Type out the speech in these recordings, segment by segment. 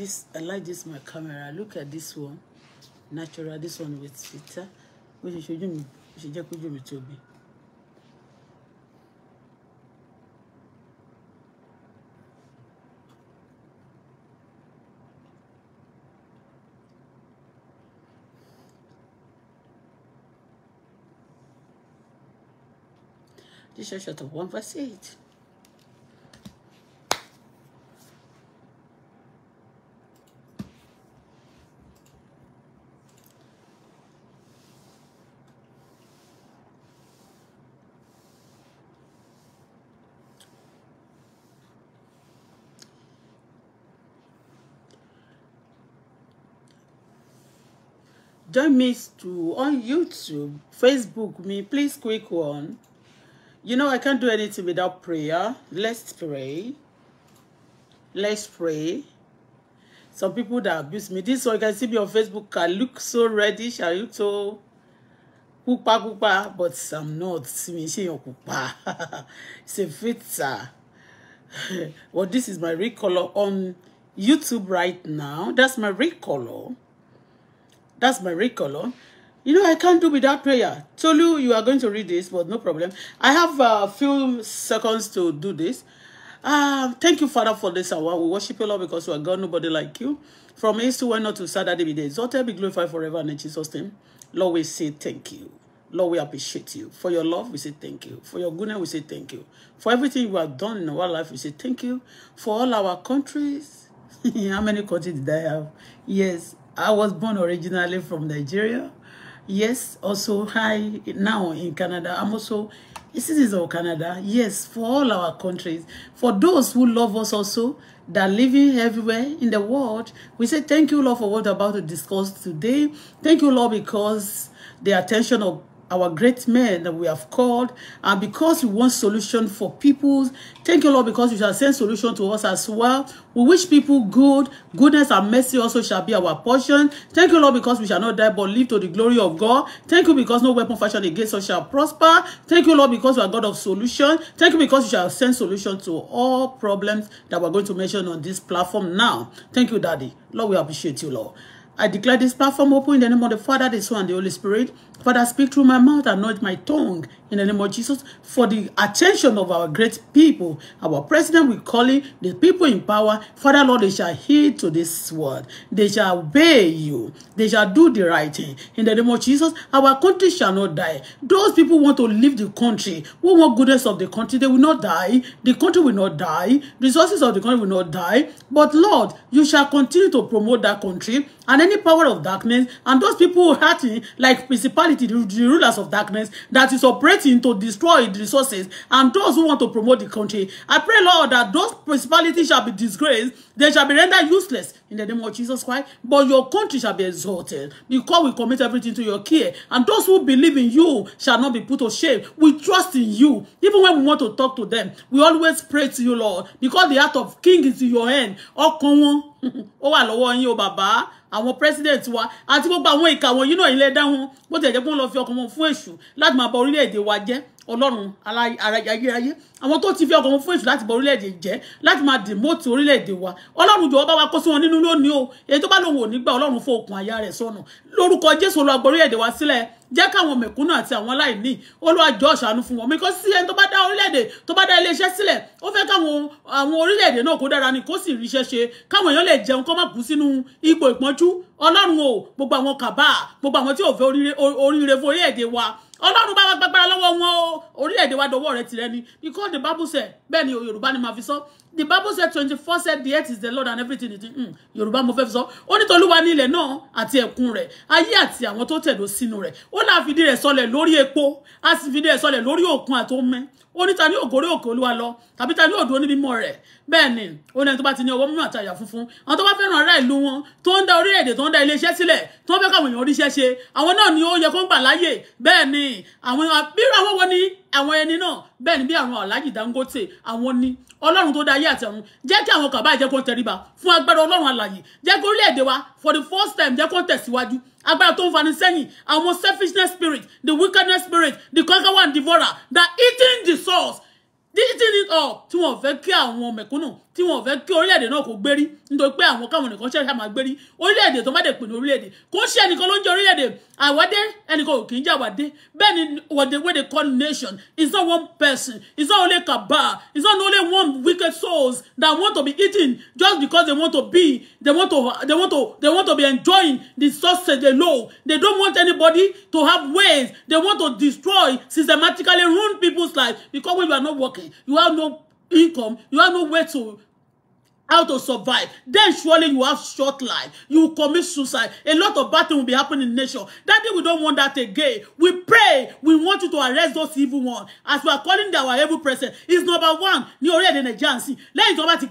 this i like this my camera look at this one natural this one with filter bó ṣe ṣojú mi bó ṣe jẹ́ kójú mi tóbi. This is shot of one verse eight. join me to on YouTube, Facebook me. Please, quick one. You know, I can't do anything without prayer. Let's pray. Let's pray. Some people that abuse me. This one, you can see me on Facebook. can look so reddish. I look so Kupa kupa, but I'm not. it's a filter. well, this is my recolor on YouTube right now. That's my recolor. That's my red color. You know, I can't do without prayer. Tolu, you are going to read this, but no problem. I have a few seconds to do this. Uh, thank you, Father, for this hour. We worship you, Lord, because you are God, nobody like you. From east to west, not to Saturday, be the exalted, be glorified forever in Jesus' name. Lord, we say thank you. Lord, we appreciate you. For your love, we say thank you. For your goodness, we say thank you. For everything you have done in our life, we say thank you. For all our countries, how many countries did I have? Yes, I was born originally from Nigeria. Yes, also hi now in Canada. I'm also a citizen of Canada. Yes, for all our countries. For those who love us also, that are living everywhere in the world, we say thank you, Lord, for what we're about to discuss today. Thank you, Lord, because the attention of our great men that we have called, and because we want solution for peoples. Thank you, Lord, because you shall send solution to us as well. We wish people good, goodness and mercy also shall be our portion. Thank you, Lord, because we shall not die but live to the glory of God. Thank you, because no weapon fashioned against us shall prosper. Thank you, Lord, because you are God of solution. Thank you, because you shall send solution to all problems that we're going to mention on this platform now. Thank you, Daddy. Lord, we appreciate you, Lord. I declare this platform open in the name of the Father, the Son, and the Holy Spirit. Father, speak through my mouth and not my tongue in the name of Jesus for the attention of our great people, our president, we call him, the people in power. Father, Lord, they shall heed to this word. They shall obey you. They shall do the right thing. In the name of Jesus, our country shall not die. Those people want to leave the country, who want goodness of the country, they will not die. The country will not die. Resources of the country will not die. But Lord, you shall continue to promote that country and any power of darkness and those people hurting like principalities principality, the, the rulers of darkness that is operating to destroy the resources and those who want to promote the country. I pray, Lord, that those principalities shall be disgraced. They shall be rendered useless in the name of Jesus Christ. But your country shall be exalted because we commit everything to your care. And those who believe in you shall not be put to shame. We trust in you. Even when we want to talk to them, we always pray to you, Lord, because the heart of king is in your hand. Ọkàn wọn, ó wà lọ́wọ́ o bàbá àwọn president wa àti gbogbo àwọn ìka wọn yìí náà ilẹ̀ dáhùn bó ti ẹ̀ jẹ́ pé wọ́n lọ fi ọkàn wọn fún èṣù láti máa bà orílẹ̀-èdè wa jẹ́ ọlọ́run ayérayé àwọn tó ti fi ọkàn wọn fún èṣù láti bọ orílẹ̀-èdè jẹ́ láti máa dèmóòtì orílẹ̀-èdè wa ọlọ́run jọ̀wọ́ bá wa kó sí wọn nínú lónìí o èyí tó bá lòun ò ní gbà ọlọ́run fún okùn àyà rẹ̀ sọnù lórúkọ jésù olúwa gbọ́ orílẹ̀-èdè wa sílẹ̀ jẹ́ káwọn mẹ̀kúnnù àti àwọn aláìní olúwa jọ̀ọ́ ṣàánú fún wọn mi kò sí ẹni tó bá dá orílẹ̀-èdè tó bá dá iléeṣẹ́ sílẹ̀ ó fẹ́ káwọn àwọn orílẹ̀-èdè náà kó dára ni kó sì ríṣẹ́ ṣe káwọn èèyàn lè jẹun kó má kú sínú ipò ìpọ́njú ọlọ́run o gbogbo àwọn kàbá gbogbo àwọn tí ò fẹ́ oríire fún orílẹ̀-èdè wa ọlọ́run bá wa gbàgbára lọ́wọ́ wọn o orílẹ̀-èdè wa dọwọ́ rẹ tìrẹ ni because the bible say bẹ́ẹ̀ ni yorùbá ni màá fi sọ the bible said 24 said the earth is the lord and everything is mm, yorùbá mo fẹ́ fi sọ ó ní tolúwa ní ilẹ̀ náà àti ẹ̀kún rẹ̀ ayé àti àwọn tó tẹ̀dó sínú rẹ̀ ó là fìdí rẹ̀ sọlẹ̀ epo a sì fìdí rẹ̀ sọlẹ̀ lórí òkun àti omi ó ní ta ní ògórí òkè olúwa lọ tàbí ta ní òdo níbi mọ rẹ̀ bẹ́ẹ̀ ni ó ní ẹni tó bá ti ní ọwọ́ mímọ́ àti àyà funfun àwọn tó bá fẹ́ràn ará ìlú wọn tó ń da orílẹ̀-èdè tó ń da iléeṣẹ́ sílẹ̀ tó ń fẹ́ káwọn èèyàn oríṣẹ́ ṣe àwọn náà ni ó yẹ kó ń gbà láàyè bẹ́ẹ̀ ni àwọn bírò àwọn wo àwọn ẹni náà bẹ́ẹ̀ ni bí àwọn aláàjì Dangote àwọn ni ọlọ́run tó dá ayé àti ọ̀run jẹ́ kí àwọn kàbá ìjẹ́kó tẹríba fún agbára ọlọ́run alààyè jẹ́ kí orílẹ̀-èdè wa for the first time jẹ́ kó tẹ̀síwájú agbára tó ń fani sẹ́yìn àwọn selfishness spirit the wickedness spirit the conqueror and devourer that eating the souls the eating it all. tí wọ́n fẹ́ kí àwọn mẹ̀kúnnù tí wọn ò fẹ́ kí orílẹ̀-èdè náà kò gbérí nítorí pé àwọn káwọn nìkan ṣẹ̀ṣẹ̀ máa gbérí orílẹ̀-èdè tó má dé pìnlẹ̀ orílẹ̀-èdè kò ṣe ẹnìkan ló ń jẹ orílẹ̀-èdè àwádé ẹnìkan ò kì í jẹ́ àwádé bẹ́ẹ̀ ni what they wey they call nation is not one person is not only cabal is not only one wicked souls that want to be eating just because they want to be they want to they want to they want to be enjoying the success they know they don't want anybody to have ways they want to destroy systematically ruin people's life because when you are not working you have no income you have no way to how to survive, then surely you have short life. You will commit suicide. A lot of bad things will be happening in nation. That day we don't want that again. We pray. We want you to arrest those evil ones. As we are calling our evil president, he's number one. Ní already èdè Nàìjíríà ń sìn. Lẹ́yìn tó bá ti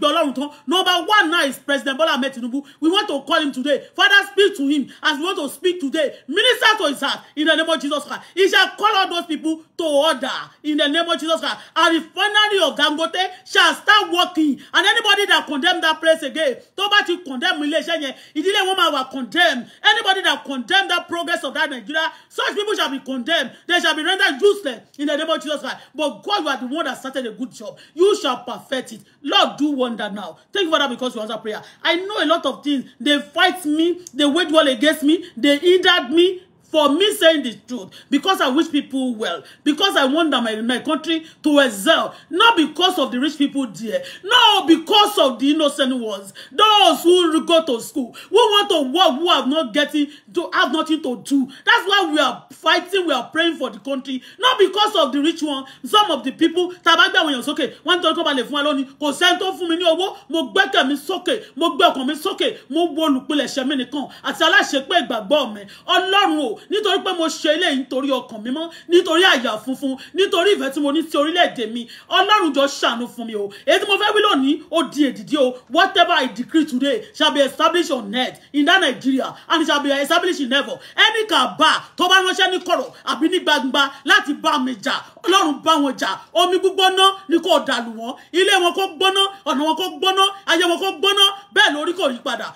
number one now is President Bola Ahmed Tinubu. We want to call him today. Father, speak to him as we want to speak today. Minister to his heart in the name of Jesus Christ. He shall call all those people to order in the name of Jesus Christ. And the refinery of Dangote shall start working. And anybody that condemn condemn that place again tó bá ti condemn iléeṣẹ́ yẹn ìdílé wọn máa wà condemn anybody that condemn that progress of that Nigeria such people shall be condemned they shall be rendered useless in the name of Jesus Christ but God you are the one that started a good job you shall perfect it Lord do wonder now thank you Father because you answer prayer I know a lot of things they fight me they wage war against me they hindered me for me saying the truth, because I wish people well, because I want my, my country to excel, not because of the rich people there, no, because of the innocent ones, those who go to school, who want to work, who have not getting, to have nothing to do. That's why we are fighting, we are praying for the country, not because of the rich one, some of the people, tabagbe àwọn èèyàn sókè, wọ́n tó kọ́ balẹ̀ fún wa lónìí, kò sẹ́ni tó fún mi ní owó, mo gbẹ́kẹ̀ mi sókè, mo gbé ọkàn mi sókè, mo wo olùpilẹ̀ṣẹ̀ mi nìkan, àti aláṣepẹ́ ìgbàgbọ́ mi, Ọlọ́run o, nítorí pé mo ṣe eléyìí nítorí ọkàn mímọ́ nítorí àyà funfun nítorí ìfẹ́ tí mo ní sí orílẹ̀-èdè mi ọlọ́run jọ ṣàánú fún mi o èyí tí mo fẹ́ wí lónìí ó di èdìdí o whatever I decree today shall be established on earth in that Nigeria and it shall be established in Any ẹnì kàbá tó bá ránṣẹ́ ní kọ̀rọ̀ àbí ní gbangba láti bá mi jà ọlọ́run bá wọn jà omi gbígbóná ni kò dàlù wọn ilé wọn kò gbóná ọ̀nà wọn kò gbóná ayé wọn kò gbóná bẹ́ẹ̀ lórí kò yí padà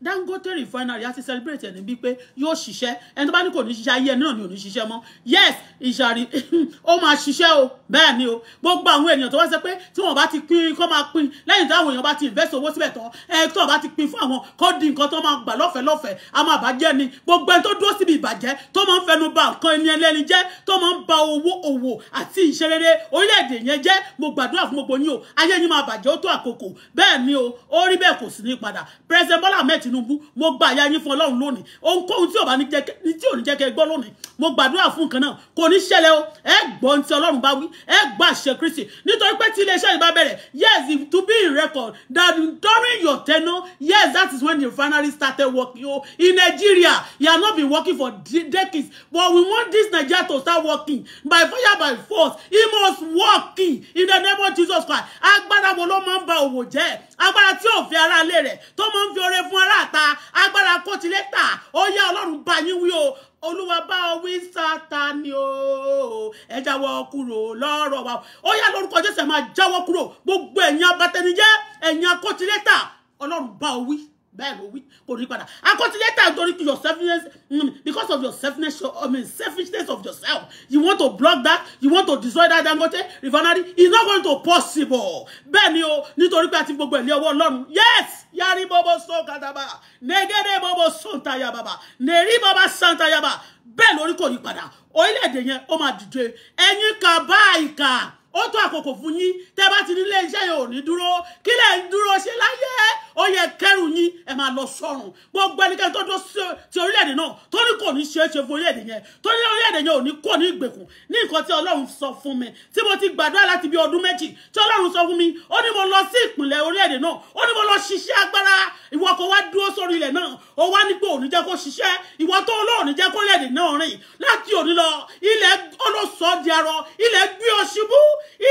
Dangote refinery a ti celebrate ẹni bíi pé yóò ṣiṣẹ́ ẹni tó bá ní kò ní ṣiṣẹ́ ayé ẹni náà ni ò ní ṣiṣẹ́ mọ́ yes ìṣàrí ó máa ṣiṣẹ́ o bẹ́ẹ̀ ni o gbogbo àwọn èèyàn tó wá sọ pé tí wọ́n bá ti pín kọ́ máa pín lẹ́yìn táwọn èèyàn bá ti invest owó síbẹ̀ tán ẹ tó bá ti pín fún àwọn kọ́ di nǹkan tó máa gbà lọ́fẹ̀ẹ́ lọ́fẹ̀ẹ́ a máa bàjẹ́ ni gbogbo ẹni tó dúró síbi ìbàjẹ́ tó máa ń fẹnu ba nǹkan ẹni ẹlẹ́ni jẹ́ tó máa ń ba owó òwò àti ìṣerere orílẹ̀-èdè yẹn jẹ́ mo gbàdúrà fún gbogbo yín o ayé yín máa bàjẹ́ ó tó àkókò bẹ́ẹ̀ ni o ó rí bẹ́ẹ̀ kò sí ní padà president Bola Ahmed Tinubu mo gba àyà yín fún Ọlọ́run lónìí ohunkóhun tí ò bá ní jẹ́ ní tí ò ní jẹ́ kẹ́ gbọ́ lónìí mo gbàdúrà fún nǹkan náà kò ní ṣẹlẹ̀ o ẹ gbọ́ ohun tí Ọlọ́run bá wí ẹ gba àṣẹ Kristi nítorí pé tí iléeṣẹ́ yìí bá bẹ̀rẹ̀ yes it to be in record that during your tenure yes that is when you finally started working o oh, in Nigeria you have not been working for decades but we want this Nigeria to start working by fire by force He must work in the name of Jesus Christ agbára wo ló máa ń ba òwò jẹ́ agbára tí ò fi ara lé rẹ̀ tó mọ̀ ń fi oore fún ara àta agbára kó ti lé tà ó yá ọlọ́run bá yín wí o olúwa bá ọ wí Sátánì o ẹ jáwọ́ kúrò lọ́rọ̀ wa ó yá lórúkọ jésù ẹ máa jáwọ́ kúrò gbogbo ẹ̀yin abatẹnijẹ́ ẹ̀yin akótilétà ọlọ́run bá ọ wí bẹ́ẹ̀ ló wí kò ní padà and continue time your selfishness because of your selfishness your, I mean selfishness of yourself you want to block that you want to destroy that Dangote refinery it's not going to possible bẹ́ẹ̀ ni o nítorí pé àti gbogbo ẹ̀lẹ́ ọwọ́ Ọlọ́run yes yari bobo so kataba negede bobo santa yababa neri baba santa yaba bẹ́ẹ̀ lórí kò ní padà orílẹ̀-èdè yẹn ó máa dìde ẹ̀yin kàbá ìkà ó tó àkókò fún yín tẹ́ bá ti nílé iṣẹ́ yẹn ò ní dúró kí lẹ̀ ń dúró ṣe láyé ó yẹ kẹrù yín ẹ máa lọ sọ́run gbogbo ẹnikẹ́ni tó dún ti orílẹ̀-èdè náà tó ní kò ní ṣe é ṣe fún orílẹ̀-èdè yẹn tó ní orílẹ̀-èdè yẹn ò ní kò ní ìgbèkùn ní nǹkan tí ọlọ́run sọ fún mi tí mo ti gbàdúrà láti bí ọdún méjì tí ọlọ́run sọ fún mi ó ní mo lọ sí ìpínlẹ̀ orílẹ̀ náà ó ní mo lọ ṣiṣẹ́ agbára ìwọ kò wá dúró sórí ilẹ̀ náà ó wá nígbò òní jẹ́ kó ṣiṣẹ́ ìwọ tó olóòní jẹ́ kó orílẹ̀ náà rìn láti òní lọ ilẹ̀ olóṣọ́ di arọ ilẹ̀ gbé ọṣibú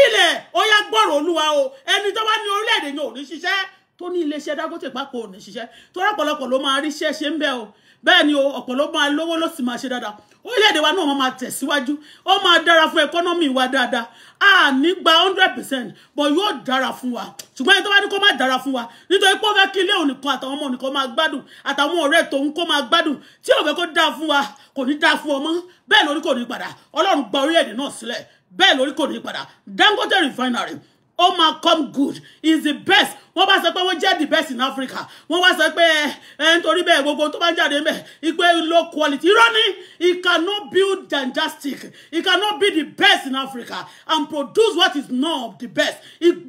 ilẹ̀ ó yá gbọ́rọ̀ olúwa o ẹni tó bá ní orílẹ̀-èdè yẹn ò ní ṣiṣẹ́ tó ní iléeṣẹ́ Dangote pápọ̀ ò ní ṣiṣẹ́ tó lọ́pọ̀lọpọ̀ ló máa rí iṣẹ́ ṣe ń bẹ́ o bẹ́ẹ̀ ni ọ̀pọ̀lọpọ̀ lówó ló sì máa ṣe dáadáa orílẹ̀-èdè wa náà máa tẹ̀síwájú ó máa dára fún ẹkọ́nọ́mì wa dáadáa a ní gba hundred percent but yóò dára fún wa ṣùgbọ́n ẹni tó bá ní kó má dára fún wa nítorí pé ó fẹ́ kí ilé ònìkan àtàwọn ọmọ ònìkan máa gbádùn àtàwọn ọ̀rẹ́ tòun kó máa gbádùn tí òwe kó dáa fún wa kò ní dáa fún ọmọ bẹ́ẹ̀ lórí kò ní padà ọlọ́run gba orílẹ̀-èdè náà sílẹ̀ bẹ́ẹ̀ lórí kò ní padà Dangote refinery ó máa come good is the best wọ́n bá sọ pé wọ́n jẹ́ the best in Africa wọ́n wá sọ pé ẹ eh, eh, nítorí bẹ́ẹ̀ gbogbo tó bá ń jáde mẹ́ ipe low quality irọ́ ni it cannot build fantastic it cannot be the best in Africa and produce what is not the best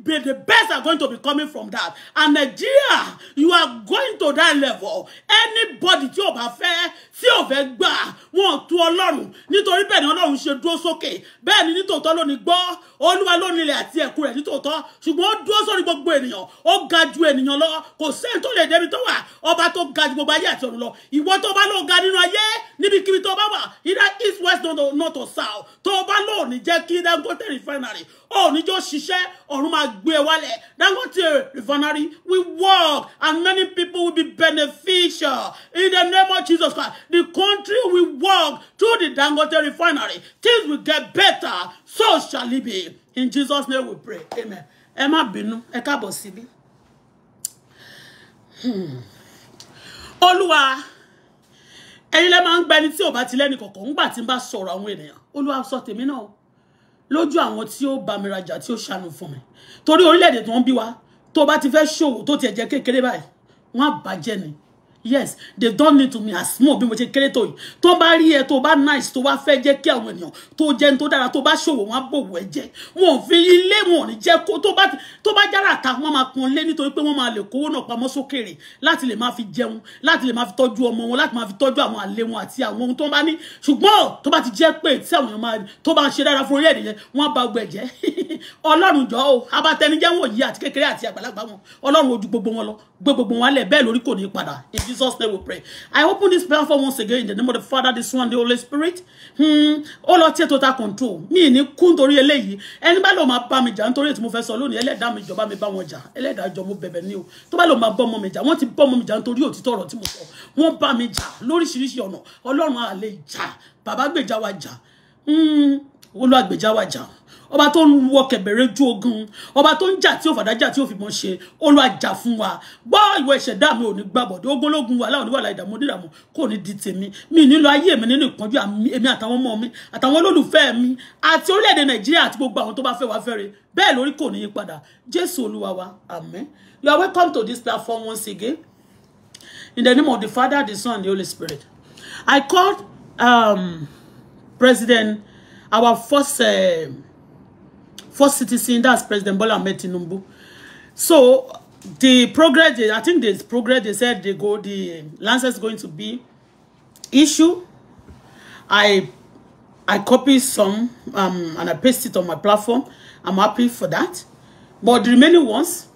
be the best are going to be coming from that and Nigeria you are going to that level anybody tí o bá fẹ́ tí o fẹ́ gbà wọ́n tú Ọlọ́run nítorí bẹ́ẹ̀ ni Ọlọ́run ṣe dúró sókè bẹ́ẹ̀ ni nítòótọ́ lónìí gbọ́ Olúwa lónìí ilẹ̀ àti ẹ̀kú rẹ̀ nítòótọ́ ṣùgbọ́n ó dúró sórí gbogbo ènìyàn ó ga ju ènìyàn lọ kò sẹ́ni tó lè débi tó wà ọba tó ga ju gbogbo ayé àti ọ̀run lọ ìwọ tó bá lóò ga nínú ayé níbikíbi tó bá wà ìdá east west north south tó bá lóò ní jẹ́ kí Dangote refinery ó ṣiṣẹ́ ọ̀run máa gbé e wálẹ̀ Dangote refinery will work and many people will be beneficial in the name of Jesus Christ the country we work through the Dangote refinery things will get better so shall it be in Jesus name we pray amen ẹ má bínú ẹ káàbọ̀ síbí olúwa ẹ̀yin lẹ́ máa ń gbẹni tí ò bá ti lẹ́ni kọ̀ọ̀kan ńgbà tí ń bá sọ̀rọ̀ àwọn ènìyàn olúwa sọ tèmi náà lójú àwọn tí ó bá mi rajà tí ó ṣàánú fún mi torí orílẹ̀-èdè tó bí wa tó bá ti fẹ́ ṣòwò tó tiẹ̀ jẹ́ kékeré báyìí wọ́n á ni yes they don't need to me as small bí mo ṣe kéré tó yìí tó bá rí ẹ tó bá nice tó bá fẹ́ jẹ́ kí àwọn ènìyàn tó jẹ́ tó dára tó bá ṣòwò wọn á bòwò ẹ jẹ wọn ò fi ilé wọn ò ní jẹ́ kó tó bá tó bá yára ta wọn máa pọn lé nítorí pé wọn máa lè kówó náà pamọ́ sókèrè láti lè máa fi jẹun láti lè máa fi tọ́jú ọmọ wọn láti máa fi tọ́jú àwọn àlè wọn àti àwọn ohun tó bá ní ṣùgbọ́n tó bá ti jẹ́ pé tí àwọn èèyàn máa tó bá ṣe dára fún orílẹ̀-èdè yẹn á ba ọgbẹ̀ jẹ́ ọlọ́run jọ̀ọ́ gbé gbogbo wọn lẹ̀ bẹ́ẹ̀ lórí kò ní padà in Jesus name we pray I open this prayer for once again in the name of the Father the Son the Holy Spirit hmm, ó lọ tí total control mi ní kú nítorí eléyìí ẹni bá lọ máa bá mi jà nítorí ètò mo fẹ́ sọ lónìí ẹlẹ́dàá mi jọba mi bá wọn jà ẹlẹ́dàá jọ mo bẹ̀bẹ̀ ní o tó bá lọ máa bọ́ ọmọ mi jà wọ́n ti bọ́ ọmọ mi jà nítorí òtítọ́ ọ̀rọ̀ tí mo sọ wọ́n bá mi jà lóríṣiríṣi ọ̀nà ọlọ́run àlè jà bàbá gbèjà wa jà hmm, olúwa gbèjà wa jà ọba tó ń wọ kẹ̀bẹ̀rẹ̀ ju ogun ọba tó ń jà tí ò fàdájà tí ò fi mọ́ ṣe olú àjà fún wa gbọ́ ìwọ ìṣẹ̀dá mi ò ní gbàbọ̀dọ̀ ogúnlógún wa láwọn oníwàlá ìdààmú onídààmú kò ní di tèmi mi nílò ayé mi nínú ìpọ́njú èmi àtàwọn ọmọ mi àtàwọn olólùfẹ́ mi àti orílẹ̀-èdè nàìjíríà àti gbogbo àwọn tó bá fẹ́ wá fẹ́re bẹ́ẹ̀ lórí kò ní padà jésù olúwa wa àmín you are welcome to this platform once again in the name of the father the son and the holy spirit i called um, president our first. Uh, first citizen, that's President Bola Ahmed Tinubu. So the progress, I think the progress they said they go, the Lancet is going to be issue. I I copied some um, and I paste it on my platform. I'm happy for that. But the remaining ones,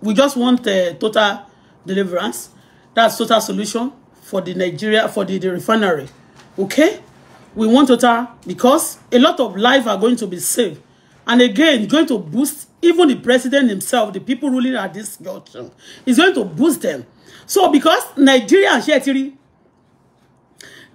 we just want a uh, total deliverance. That's total solution for the Nigeria, for the, the refinery. Okay? We want total because a lot of lives are going to be saved And again, it's going to boost even the president himself, the people ruling at this junction. It's going to boost them. So because Nigeria and Shetiri,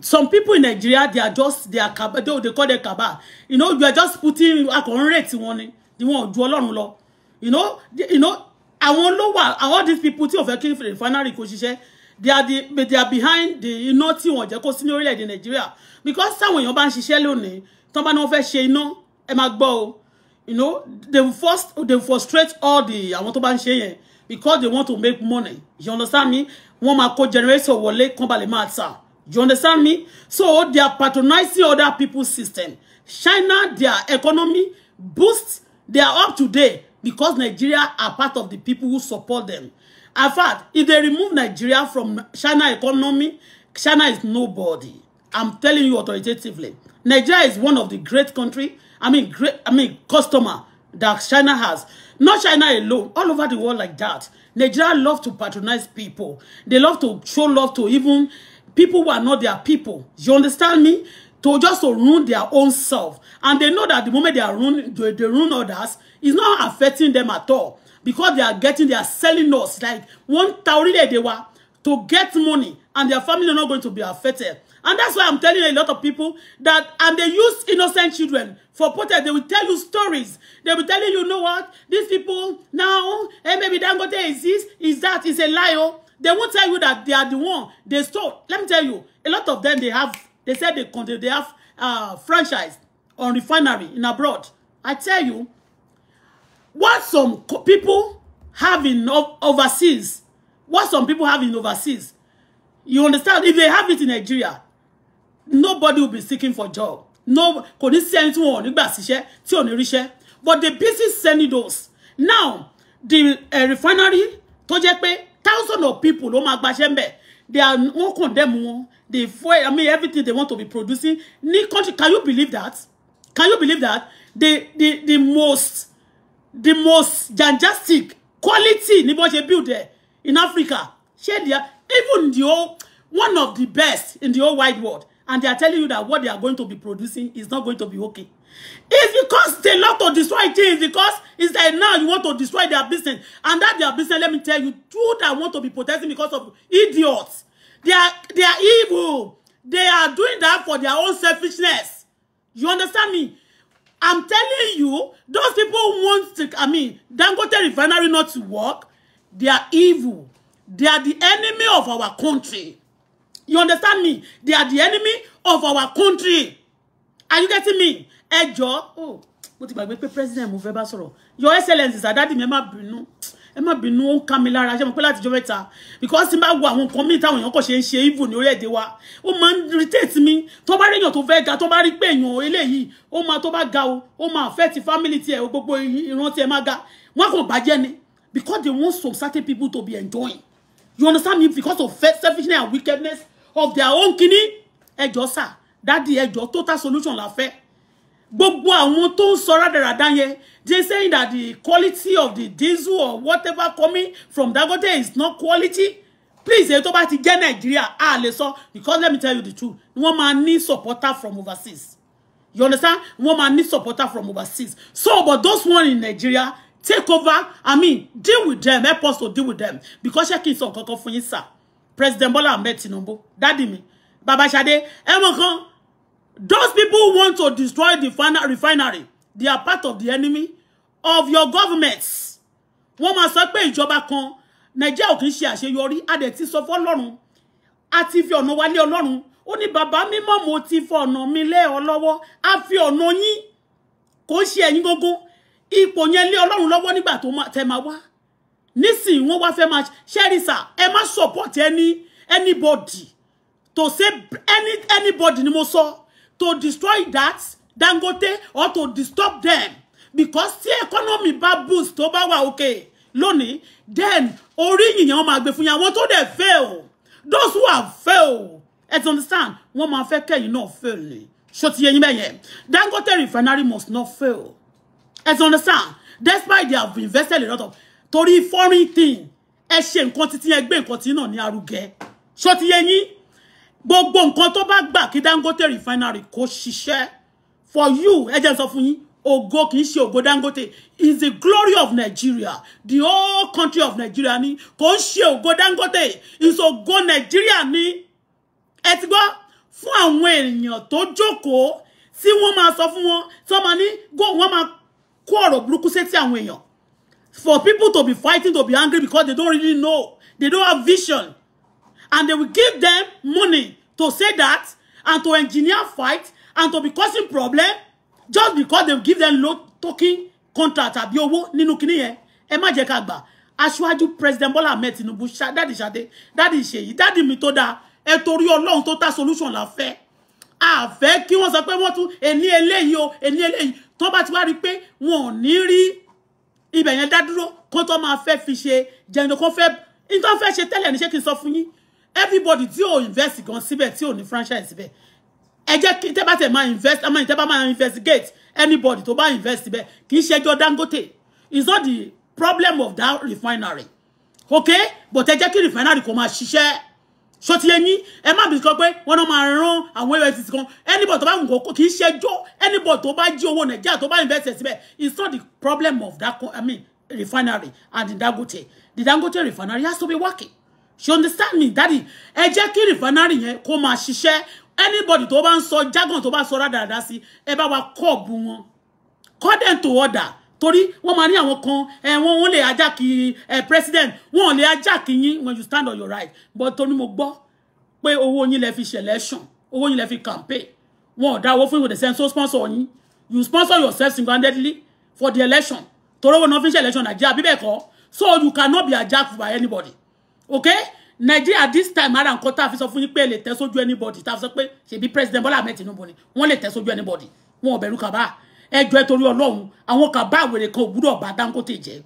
some people in Nigeria, they are just, they are, they, they call them kaba, You know, you are just putting, I can rate one, the one, do alone law. You know, they, you know, àwọn ló wà all these people tí ò fẹ́ kí refinery kò ṣiṣẹ́ they are the but they are behind the iná tí wọ́n jẹ́ kó sí ní orílẹ̀ because some èèyàn bá ban ṣiṣẹ́ lónìí tán bá ní wọ́n fẹ́ ṣe iná you know they first they frustrate all the àwọn tó bá because they want to make money you understand me One máa kó generator wọlé kán balẹ̀ máa tà you understand me so they are patronizing other people's system China their economy boost they are up today because Nigeria are part of the people who support them in fact if they remove Nigeria from China economy China is nobody I'm telling you authoritatively Nigeria is one of the great country I mean, great, I mean, customer that China has. Not China alone, all over the world like that. Nigeria love to patronize people. They love to show love to even people who are not their people. You understand me? To just to ruin their own self. And they know that the moment they are ruin, they, they ruin others, it's not affecting them at all. Because they are getting, they are selling us like one thousand they were to get money and their family are not going to be affected. And that's why I'm telling a lot of people that, and they use innocent children for protest. They will tell you stories. They will tell you, you know what, these people now, hey, eh, maybe Dangote is this, is that, is a liar. Oh. They won't tell you that they are the one they stole. Let me tell you, a lot of them, they have, they said they, they have uh, franchise on refinery in abroad. I tell you, what some people have in overseas, what some people have in overseas, you understand? If they have it in Nigeria, nobody will be seeking for job no kò ní sí ẹni tí wọn ò ní gbà síṣẹ́ tí ò ní ríṣẹ́ but the business sending those now the uh, refinery tó jẹ́ pé thousand of people ló máa gbaṣẹ́ mbẹ̀ they are wọ́n condemn wọn they fuel i mean everything they want to be producing ní country can you believe that can you believe that the the the most the most janjastic quality ní bó ṣe build there in Africa ṣé dia even the whole one of the best in the whole wide world and they are telling you that what they are going to be producing is not going to be okay. It's because they love to destroy things because it's like now you want to destroy their business and that their business, let me tell you, two that want to be protesting because of idiots. They are, they are evil. They are doing that for their own selfishness. You understand me? I'm telling you, those people who want to, I mean, Dangote refinery not to work. They are evil. They are the enemy of our country. You understand me? They are the enemy of our country. Are you getting me? Ẹ jọ̀ọ́. Oh, mo ti gbàgbé pé president mo fẹ́ bá Your excellency Sadadi that the má bínú. Ẹ má bínú ó ń ká Because tí n bá wo àwọn nǹkan míì táwọn èèyàn kò ṣe ń ṣe evil ní orílẹ̀-èdè wa. Ó máa ń irritate mi. Tó bá réyàn tó fẹ́ ga tó bá rí pé èèyàn eléyìí ó máa tó bá ga o. Ó máa affect family tiẹ̀ gbogbo ìran tiẹ̀ má ga. Wọ́n kò bàjẹ́ ni. Because they want some certain people to be enjoying. You understand me? Because of selfishness and wickedness of their own kini ẹjọ́ sà dádì ẹjọ́ total solution la fẹ́ gbogbo àwọn tó ń sọ rádaràdá yẹn they saying that the quality of the diesel or whatever coming from Dangote is not quality please èyí tó bá ti jẹ́ Nàìjíríà a lè sọ because let me tell you the truth wọ́n máa ní supporter from overseas you understand wọ́n máa ní supporter from overseas so but those one in Nigeria take over i mean deal with them help us to deal with them because ṣé kí n sọ nǹkan kan fún yín sáà President Bola Ahmed Tinubu daddy me, Baba Sade ẹ those people want to destroy the refinery they are part of the enemy of your government wọ́n máa sọ pé ìjọba kan Nàìjíríà ò kì í ṣe àṣeyọrí a dẹ̀ ti sọ fọ́lọ́run a ti fi ọ̀nà wa lé Ọlọ́run ó ní bàbá mímọ́ mo ti fọ ọ̀nà mi lé ọ lọ́wọ́ a fi ọ̀nà yín kò ṣe ẹ̀yin gógó ipò yẹn lé Ọlọ́run lọ́wọ́ nígbà tó tẹ máa wá nísìnyí wọ́n wá fẹ́ máa ṣẹ́rìsà ẹ má support any anybody to say any anybody ni mo sọ to destroy that Dangote or to disturb them because tí economy bá boost tó bá wà okay lónìí then orí yìnyín wọ́n máa gbé fún yín àwọn tó dẹ̀ fail those who have failed ẹ ti understand wọ́n máa fẹ́ kẹ́yìn náà fail ni ṣó ti yé yín bẹ́yẹn Dangote refinery must not fail ẹ ti understand despite they have invested a lot of torí foreign thing ẹ ṣe nǹkan títí ẹ gbé nǹkan tí náà ní arugẹ ṣó ti yé yín gbogbo nǹkan tó bá gbà kí Dangote refinery kó ṣiṣẹ́ for you ẹ jẹ́ sọ fún yín ògo kì í ṣe ògo Dangote is the glory of Nigeria the whole country of Nigeria ni kò ń ṣe ògo Dangote is ògo Nigeria ni ẹ ti gbọ́ fún àwọn èèyàn tó jókòó tí wọ́n máa sọ fún wọn tí wọ́n máa ní wọ́n máa kó ọ̀rọ̀ burúkú sétí àwọn èèyàn for people to be fighting, to be angry because they don't really know. They don't have vision. And they will give them money to say that and to engineer fight and to be causing problem just because they give them low talking contract àbí owó nínú kinní yẹn. Ẹ má jẹ́ ká gbà. Aṣíwájú President Bola Ahmed Tinubu, Daddy Ṣadé, Daddy Ṣèyí, Daddy mi tó dáa, ẹ solution lafe. fẹ́. A fẹ́ kí wọ́n sọ pé wọ́n tún ẹni eléyìí o, ẹni eléyìí. Tó bá ti ibẹ̀ yẹn dá kó tó máa fẹ́ fi ṣe jẹun kó fẹ́ n tó fẹ́ ṣe tẹ́lẹ̀ ní ṣé kí n sọ fún yín everybody tí ò invest gan síbẹ̀ tí ò ní franchise síbẹ̀ ẹ jẹ́ kí tẹ́ bá tẹ̀ máa invest ẹ máa tẹ́ bá máa investigate anybody tó bá invest síbẹ̀ kì í ṣẹjọ́ Dangote is not the problem of that refinery okay but ẹ jẹ́ kí refinery kò máa ṣiṣẹ́ so ti yẹn ẹ má bìí kan pé wọn náà máa rán àwọn efcc kan anybody to bá wù kó kì í ṣe anybody to bá jí owó nàìjíríà tó bá invest síbẹ̀ it's not the problem of that i mean refinery and the dangote the dangote refinery has to be working she understand me daddy ẹ jẹ́ kí refinery yẹn kó máa ṣiṣẹ́ anybody to bá ń jagun to tó so sọ rádaràda sí ẹ bá wa kọ́ọ̀bù wọn call them to order torí wọ́n máa ní àwọn kan ẹ wọ́n lè ajá kí president wọ́n lè ajá kí yín when you stand on your right but torí mo gbọ́ pé owó yín lè fi ṣe election owó yín lè fi campaign wọn ò dáwọ́ fún ìwòdìsẹ́ so sponsor yín you sponsor yourself single-handedly for the election torí owó náà fi ṣe election nàìjíríà bíbẹ̀ kọ́ so you cannot be ajá by anybody okay Nigeria this time ara nǹkan tá a fi sọ fún yín pé lè tẹ́ sójú anybody tá a fi sọ pé ṣèbí president Bọ́lá Ahmed Tinubu ni wọ́n lè tẹ́ sójú anybody wọn ò bẹ̀rù kàbá ẹjọ́ ẹ ọlọ́run àwọn kàbá àwèrè kan ògbúdọ̀ bá Dangote jẹ́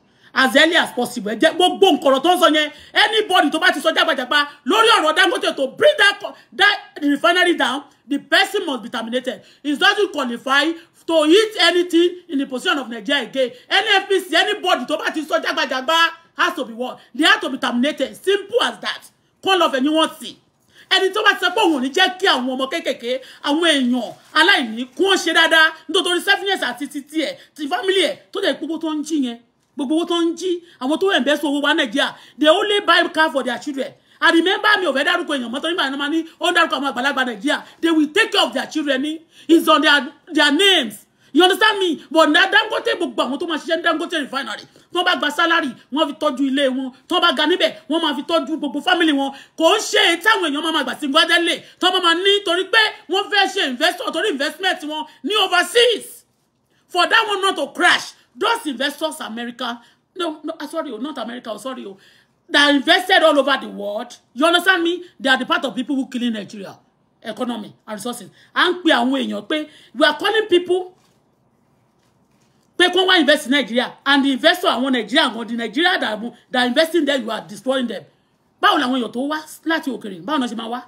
as early as possible jẹ́ gbogbo nkọ̀rọ̀ tó ń sọ yẹn anybody tó bá ti sọ jágbàjàgbà lórí ọ̀rọ̀ Dangote to bring that, that refinery down the person must be terminated Is not doesn't qualify to eat anything in the position of Nigeria again NFPC anybody tó bá ti sọ jágbàjàgbà has to be what they have to be terminated simple as that call off anyone. See ẹni tó bá ti sọ pé òun ò ní jẹ́ kí àwọn ọmọ kéékèèké àwọn èèyàn aláìní kún ó ṣe dáadáa nítorí selfness àti títí ẹ̀ ti family ẹ̀ tó dẹ̀ gbogbo tó ń jí yẹn gbogbo owó tó ń jí àwọn tó ẹ̀ ń bẹ́ sọ owó wa nàìjíríà they only buy car for their children I remember mi ò fẹ́ dárúkọ èèyàn mọ́tò nígbà náà ní ó dárúkọ àwọn àgbàlagbà nàìjíríà they will take care of their children ní is on their, their names you understand me but na Dangote gbogbo àwọn tó máa ṣiṣẹ́ ní Dangote refinery tó bá gba salary wọ́n fi tọ́jú ilé wọn tó bá ga níbẹ̀ wọ́n máa fi tọ́jú gbogbo family wọn kò ń ṣe táwọn èèyàn máa gbà sí gbádẹ́lẹ̀ tó máa máa ní torí pé wọ́n fẹ́ ṣe investor torí investment wọn ní overseas for that one not to crash those investors America no no ah, sorry not America o sorry they that invested all over the world you understand me they are the part of people who killing Nigeria economy and resources And ń pe àwọn èèyàn pé we are calling people pé kó wá invest in Nigeria and the investor àwọn Nigeria àwọn the Nigeria that, that investing there you are destroying them báwo làwọn èèyàn tó wá láti òkèèrè báwo náà ṣe máa wá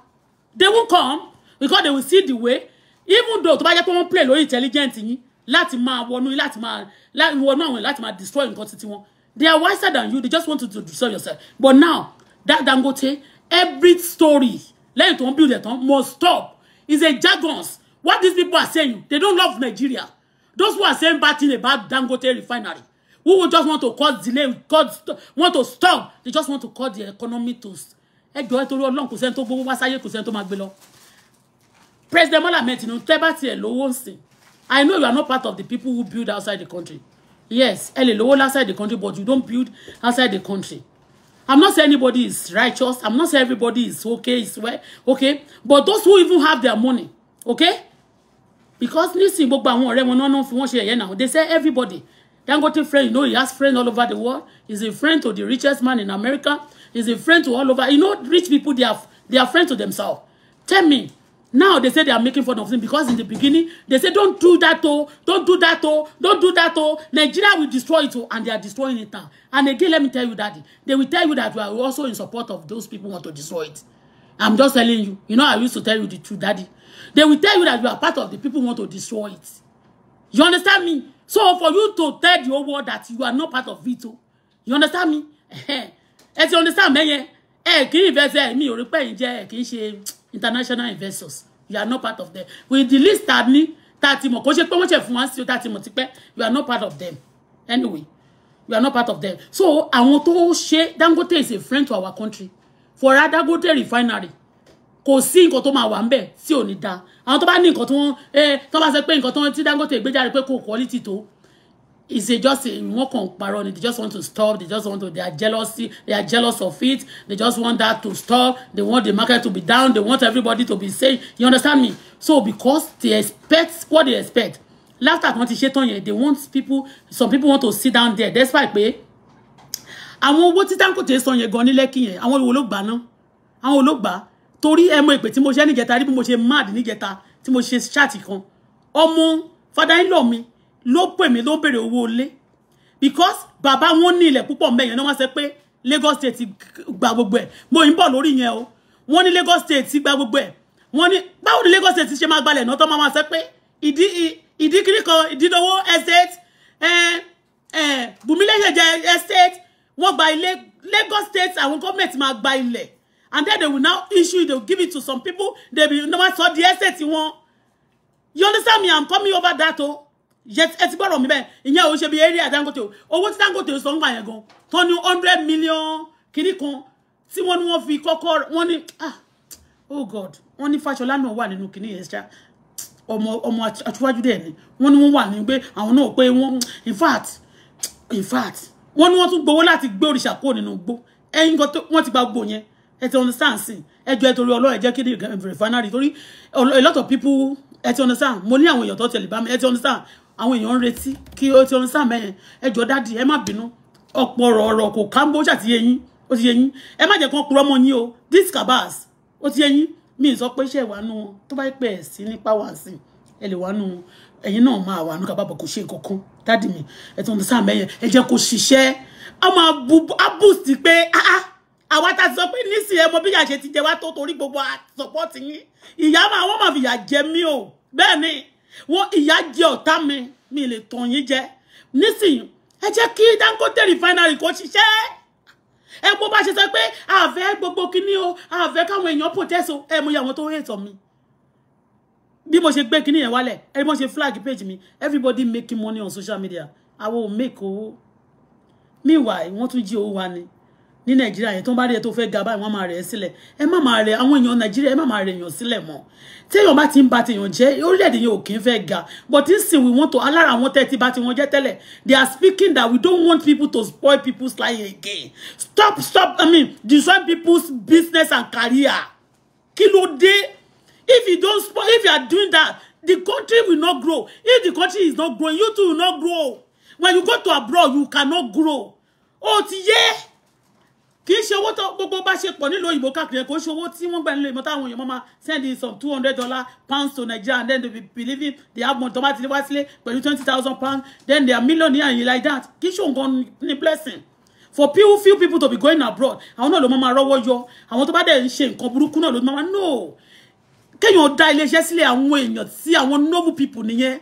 they will come because they will see the way even though tó bá jẹ́ pé wọ́n play lórí intelligent yín láti máa wọnú láti máa wọnú àwọn láti máa destroy nǹkan títí wọn they are wiser than you they just want to destroy yourself but now that Dangote every story lẹ́yìn tó ń build ẹ̀ tán must stop is a jargon what these people are saying they don't love Nigeria Those who are saying bad things about Dangote refinery, who will just want to cause delay, cause, want to stop, they just want to cause the economy to. Ẹ jọ̀ọ́ ẹ torí Ọlọ́run kò sẹ́ni tó gbowó wá sáyé kò sẹ́ni tó máa gbé lọ. President Bola Ahmed Tinubu tẹ́ bá tiẹ̀ lówó ń I know you are not part of the people who build outside the country. Yes, ẹ lè lówó outside the country but you don't build outside the country. I'm not saying anybody is righteous. I'm not saying everybody is okay, is well, okay. But those who even have their money, okay? because nísìnyí gbogbo àwọn ọ̀rẹ́ wọn náà fi wọ́n ṣe ẹ̀yẹ náà they say everybody Dangote friend you know he has friends all over the world he's a friend to the richest man in America he's a friend to all over you know rich people they are they are friends to themselves tell me now they say they are making fun of him because in the beginning they say don't do that oh don't do that oh don't do that oh Nigeria will destroy it oh and they are destroying it now and again let me tell you daddy they will tell you that we are also in support of those people who want to destroy it I'm just telling you you know I used to tell you the truth daddy They will tell you that you are part of the people who want to destroy it. You understand me? So for you to tell the whole world that you are not part of it, you understand me? As you understand me eh? Ẹ kì í invest ẹ mi international investors. You are not part of them. With the list ta ní ta ti mọ̀ kó ṣe pé wọ́n ṣe fún o ta ti You are not part of them. Anyway, you are not part of them. So I want to share Dangote is a friend to our country. For Dangote refinery, kò sí nǹkan tó máa wà ń bẹ̀ tí ò ní da àwọn tó bá ní nǹkan tó wọ́n ẹ eh, tó bá sọ pé nǹkan tó wọ́n tí Dangote gbé jáde pé kò quality tó is a just wọ́n kàn parọ́ ni they just want to stop they just want to they are jealous. they are jealous of it they just want that to stop they want the market to be down they want everybody to be safe you understand me so because they expect what they expect laughter kan ti ṣe tán yẹn they want people some people want to sit down there despite pé àwọn owó tí Dangote san yẹn gan ní Lẹ́kì yẹn àwọn olùwò ló gbà náà àwọn olùgbà torí ẹ mọ ìpè tí mo ṣe níjẹta rí bí mo ṣe mad níjẹta tí mo ṣe ṣáàtì kan ọmọ fadailọ mi ló pè mí ló béèrè owó ilé because bàbá wọn ní ilẹ̀ púpọ̀ mẹ́yẹn náà wọ́n sọ pé Lagos State gba gbogbo ẹ̀ mo ń bọ̀ lórí yẹn o wọ́n ní Lagos State gba gbogbo ẹ̀ wọ́n ní báwo ni Lagos State ṣe máa gbalẹ̀ náà tó máa sọ pé ìdí ìdí kiri kan ìdídọwọ́ estate bùnmílẹ̀ jẹjẹ estate wọ́n gba ilé Lagos State àwọn gọ́ọ̀mẹ̀ntì máa gba ilẹ̀ and then they will now issue they will give it to some people they will no matter the asset you want you understand me i'm coming over that oh yet ẹ ti gbọ́rọ̀ mi bẹ́ẹ̀ ìyẹn ò ṣe I area Dangote o owó tí Dangote sọ ń gbà yẹn gan Turn you hundred million kìíní kan tí wọ́n ní wọ́n fi kọ́kọ́ ah oh god wọ́n ní Fáṣọlá náà wà nínú kìíní yẹn ṣá ọmọ ọmọ àtiwájú dẹ̀ ni wọ́n ní wọ́n wà ní pé àwọn náà in fact in fact wọ́n ní wọ́n tún gbowó láti gbé òrìṣà kúrò nínú gbó ẹ̀yìn kan wọ́n ẹ ti understand sí ẹ jọ ẹ torí ọlọ́run ẹ jẹ́ kí ní refinery torí a lot of people ẹ understand mo ní àwọn èèyàn tó tẹ̀lé bá mi ẹ understand àwọn èèyàn ń retí kí ó ti understand mẹ́yẹn ẹ jọ dáàdì ẹ má bínú ọ̀pọ̀ ọ̀rọ̀ ọ̀rọ̀ kò kámbó ṣàtìyẹ yín ó ti yẹ yín ẹ má jẹ́ kán purọ́ mọ́ yín o this cabas ó ti yẹ yín mi sọ pé iṣẹ́ ìwà nu wọn tó bá pẹ́ ẹ̀ sí ní pàwọ́ àsìn ẹ lè wà nu wọn ẹ̀yin náà máa wà nu kábàbọ̀ kò ṣe kankan dáàdì mi ẹ ti understand mẹ́yẹn ẹ jẹ́ kó ṣiṣẹ́ a máa bu a boost pé ah ah àwa ta sọ pé nísìn ẹ mọ bí ìyà ṣe ti jẹ wá tó torí gbogbo àsọpọ́tì yín ìyá máa wọ́n máa fi ìyà jẹ mí o bẹ́ẹ̀ ni wọ́n ìyà jẹ ọ̀tá mi mi lè tàn yín jẹ nísìn ẹ jẹ́ kí Dangote refinery kó ṣiṣẹ́ ẹ bó bá ṣe sọ pé àfẹ́ gbogbo kíní o àfẹ́ káwọn èèyàn protest o ẹ mọ iye àwọn tó hẹ̀tọ̀ mi bí mo ṣe gbé kíní yẹn wálẹ̀ ẹ bí mo ṣe flag page mi everybody making money on social media àwọn ò make owó meanwhile wọ́n tún jí owó wa ni ní nàìjíríà yẹn tó ń bá rí ẹ tó fẹ́ ga báyìí wọ́n máa rẹ̀ ẹ́ sílẹ̀ ẹ má máa rẹ̀ àwọn èèyàn nàìjíríà ẹ má máa rẹ̀ èèyàn sílẹ̀ mọ́ téèyàn bá ti ń ba téèyàn jẹ́ orílẹ̀-èdè yẹn ò kí ń fẹ́ ga but nsìn we want to alára àwọn tẹ́tí bá ti wọn jẹ́ tẹ́lẹ̀ they are speaking that we don't want people to spoil people's life again stop stop i mean destroy people's business and career kí ló dé if you don't spoil if you are doing that the country will not grow if the country is not growing you too will not grow when you go to abroad you cannot grow Oh, ti yé. Yeah? kì í ṣe owó tó gbogbo bá ṣe pọ̀ nílùú òyìnbó káàkiri ẹ̀ kò ṣe owó tí wọ́n gbà nílùú òyìnbó táwọn èèyàn máa send in some two hundred dollars pounds to Nigeria and then they be believing they have money tó bá ti lé wá sílé pẹ̀lú twenty thousand pounds then they are millionaire and like that kì í ṣe nǹkan ní blessing for few few people to be going abroad àwọn náà ló máa rọ́wọ́ yọ àwọn tó bá dẹ̀ ń ṣe nǹkan burúkú náà ló máa no kéèyàn dá iléeṣẹ́ sílẹ̀ àwọn èèyàn sí àwọn noble people nìyẹn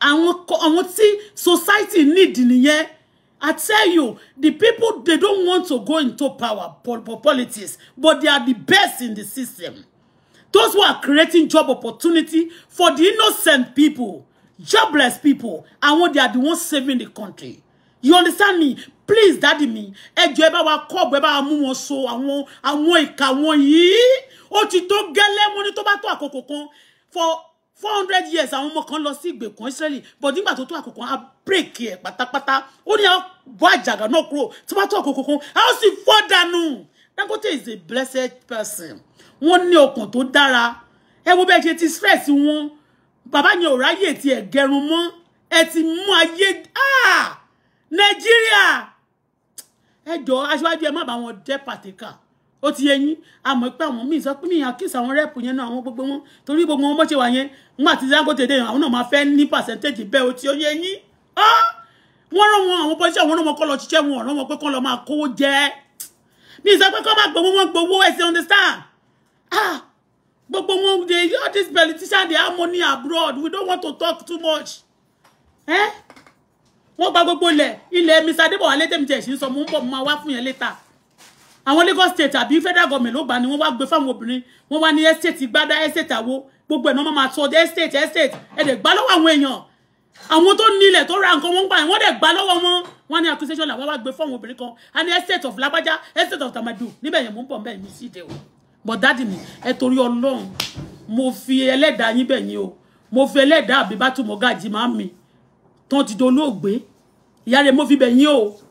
àwọn tí society need nìyẹn I tell you, the people, they don't want to go into power, for po politics, but they are the best in the system. Those who are creating job opportunity for the innocent people, jobless people, and when they are the ones saving the country. You understand me? Please, daddy me. ẹ jọ̀ọ́ ẹ wa kọ́, ẹ bá wa so, àwọn àwọn ìkà wọn yìí, ó ti tó gẹ́lẹ́, mo ní tó bá for four hundred years àwọn ọmọ kan lọ sí ìgbèkùn Israeli but nígbà tó tó àkókò á break ẹ̀ pátápátá ó ní àwọn bọ́ àjàgà náà kúrò tó bá tó àkókò kan á sì fọ́ dànù Dangote is a blessed person wọ́n ní ọkàn tó dára ẹ wo bẹ́ẹ̀ ṣe ti stress wọn bàbá yẹn ò ráyè tí ẹ gẹrun mọ́ ẹ ti mú ayé ah! nàìjíríà ẹ jọ aṣáájú ẹ má bá wọn jẹ́ pàtẹ́kà ó ti yé yín a mọ̀ pé àwọn míì sọ pé míì àkíyèsí àwọn rẹ́pù yẹn náà àwọn gbogbo wọn torí gbogbo wọn bó ṣe wà yẹn nígbà tí Dangote dé àwọn náà máa fẹ́ ní pàṣẹ́ntéèjì bẹ́ẹ̀ ó ti yé yín wọ́n rán wọn àwọn pọ́ṣẹ́ àwọn ọmọ kọ́ lọ ṣiṣẹ́ wọn ọ̀rọ̀ wọn pé kọ́ lọ máa kówó jẹ míì sọ pé kọ́ máa gbowó wọn gbowó ẹsẹ̀ understand ah gbogbo wọn dey all these politicians dey have money abroad we don't want to talk too much. Eh? wọ́n gba gbogbo ilẹ̀ ilẹ̀ mr adébọ̀wálé tẹ̀mítẹ̀ sí sọ mo ń bọ̀ mo máa wá fún yẹn létà àwọn Lagos state àbí federal government ló gbà ni wọ́n wá gbé fáwọn obìnrin wọ́n wá ní estate gbádá estate àwo gbogbo ẹ̀ náà máa sọ estate estate ẹ̀dẹ̀ gbá lọ́wọ́ àwọn èèyàn àwọn tó nílẹ̀ tó ra nǹkan wọn gbà wọ́n dẹ̀ gbá lọ́wọ́ wọn wọ́n ní accusation làwọn wá gbé fáwọn obìnrin kan a ní estate of Labaja, estate of Tàmàdù níbẹ̀ yẹn mò ń bọ̀ bẹ́ẹ̀ mi sí ìdè o but that mi ẹ torí Ọlọ́run mo fi ẹlẹ́dàá yín bẹ̀ yín o mo fi ẹlẹ́dàá àbí bá tún mọ́ gàjì máa mi tán ti dolóògbé ìyá rẹ̀ mo fi bẹ̀ yín o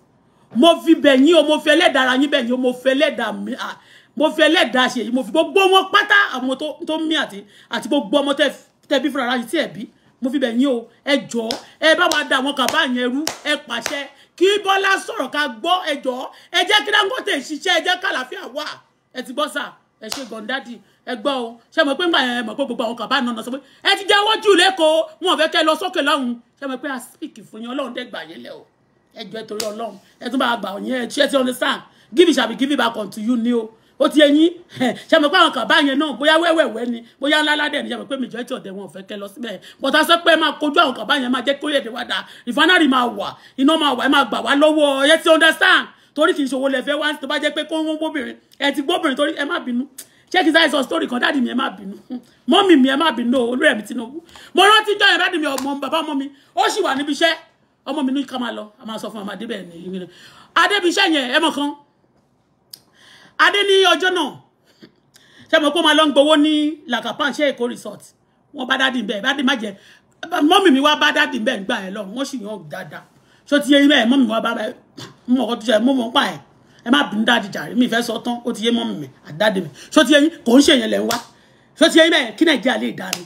mo fi bẹ̀yìn o mo fi ẹlẹ́dàá yín bẹ̀yìn o mo fi ẹlẹ́dàá mi mo fi ẹlẹ́dàá ṣe èyí mo fi gbogbo wọn pátá àwọn tó ń mí àti àti gbogbo ọmọ tẹ́bí fúnra yín tí ẹ̀ bí mo fi bẹ̀yìn o ẹ jọ̀ọ́ ẹ bá wa da àwọn kàbá yẹn rú ẹ pàṣẹ kí Bọ́lá sọ̀rọ̀ ká gbọ́ ẹ jọ̀ọ́ ẹ jẹ́ kí Dangote ṣiṣẹ́ ẹ jẹ́ kàlàáfíà wà ẹ ti gbọ́ sà ẹ ṣe gọ̀ǹdádì ẹ gbọ́ o ṣe mọ̀ pé ń gbà ẹ mọ̀ pé gbogbo àwọn kàbá náà sọ pé ẹ ti jẹ́ owó jù lẹ́kọ̀ọ́ wọn ò fẹ́ kẹ́ lọ sókè lọ́hùn ṣe mọ̀ pé a speak fún yín Ọlọ́run dẹ́gbà yẹn lẹ́ o ẹ jọ̀ọ́ ẹ torí bá gbà ọyìn ẹ ṣe ti understand give it shall be given back unto you ni o ó ti ẹyin ṣe mọ̀ pé àwọn kan báyẹn náà bóyá wẹ́wẹ́wẹ́ ni bóyá ńláńládẹ̀ ni ṣe mọ̀ pé mìjọ́ tí ọ̀tẹ̀ wọn ò fẹ́ kẹ́ lọ síbẹ̀ but a sọ pé máa kojú àwọn kan báyẹn máa jẹ́ kí orílẹ̀-èdè wa dà refinery máa wà iná máa wà ẹ máa gbà wá lọ́wọ́ ẹ ti understand torí kì í ṣòwò lẹ́fẹ́ wá tó bá jẹ́ pé kó ń gbóbìnrin ẹ ti gbóbìnrin torí ẹ má bínú ṣé kì í sáré story kan dáàdì mi ẹ má bínú mọ́mì mi ẹ má bínú olúrẹ̀mí Tinubu mo rántí jọyọ̀ dáàdì mi ọmọ bàbá ọmọ mi ó sì wà níbi iṣẹ́ ọmọ mi ní ká máa lọ a máa sọ fún ọmọ adébẹ̀ ní ìwé náà adébíṣẹ́ yẹn ẹ mọ̀ kan adé ní ọjọ́ náà ṣe mọ̀ pé ó máa lọ ń gbowó ní làkàpán ṣe èkó resort wọ́n bá dádì bẹ́ẹ̀ bá dé má jẹ mọ́mì mi wá bá dádì bẹ́ẹ̀ gbà ẹ̀ lọ wọ́n sì yàn dáadáa ṣó ti yé bẹ́ẹ̀ mọ́mì mi wá bá bẹ́ẹ̀ mọ̀ ọkọ tó ṣe mọ́ pa ẹ̀ ẹ má bínú dáadì jàre mi ìfẹ́ sọ tán ó ti yé mọ́mì mi àdáde mi ṣó ti yé yín kò ń ṣèyàn lẹ́ ń wá ṣó ti yé yín bẹ́ẹ̀ kí nàìjíríà lè dá mi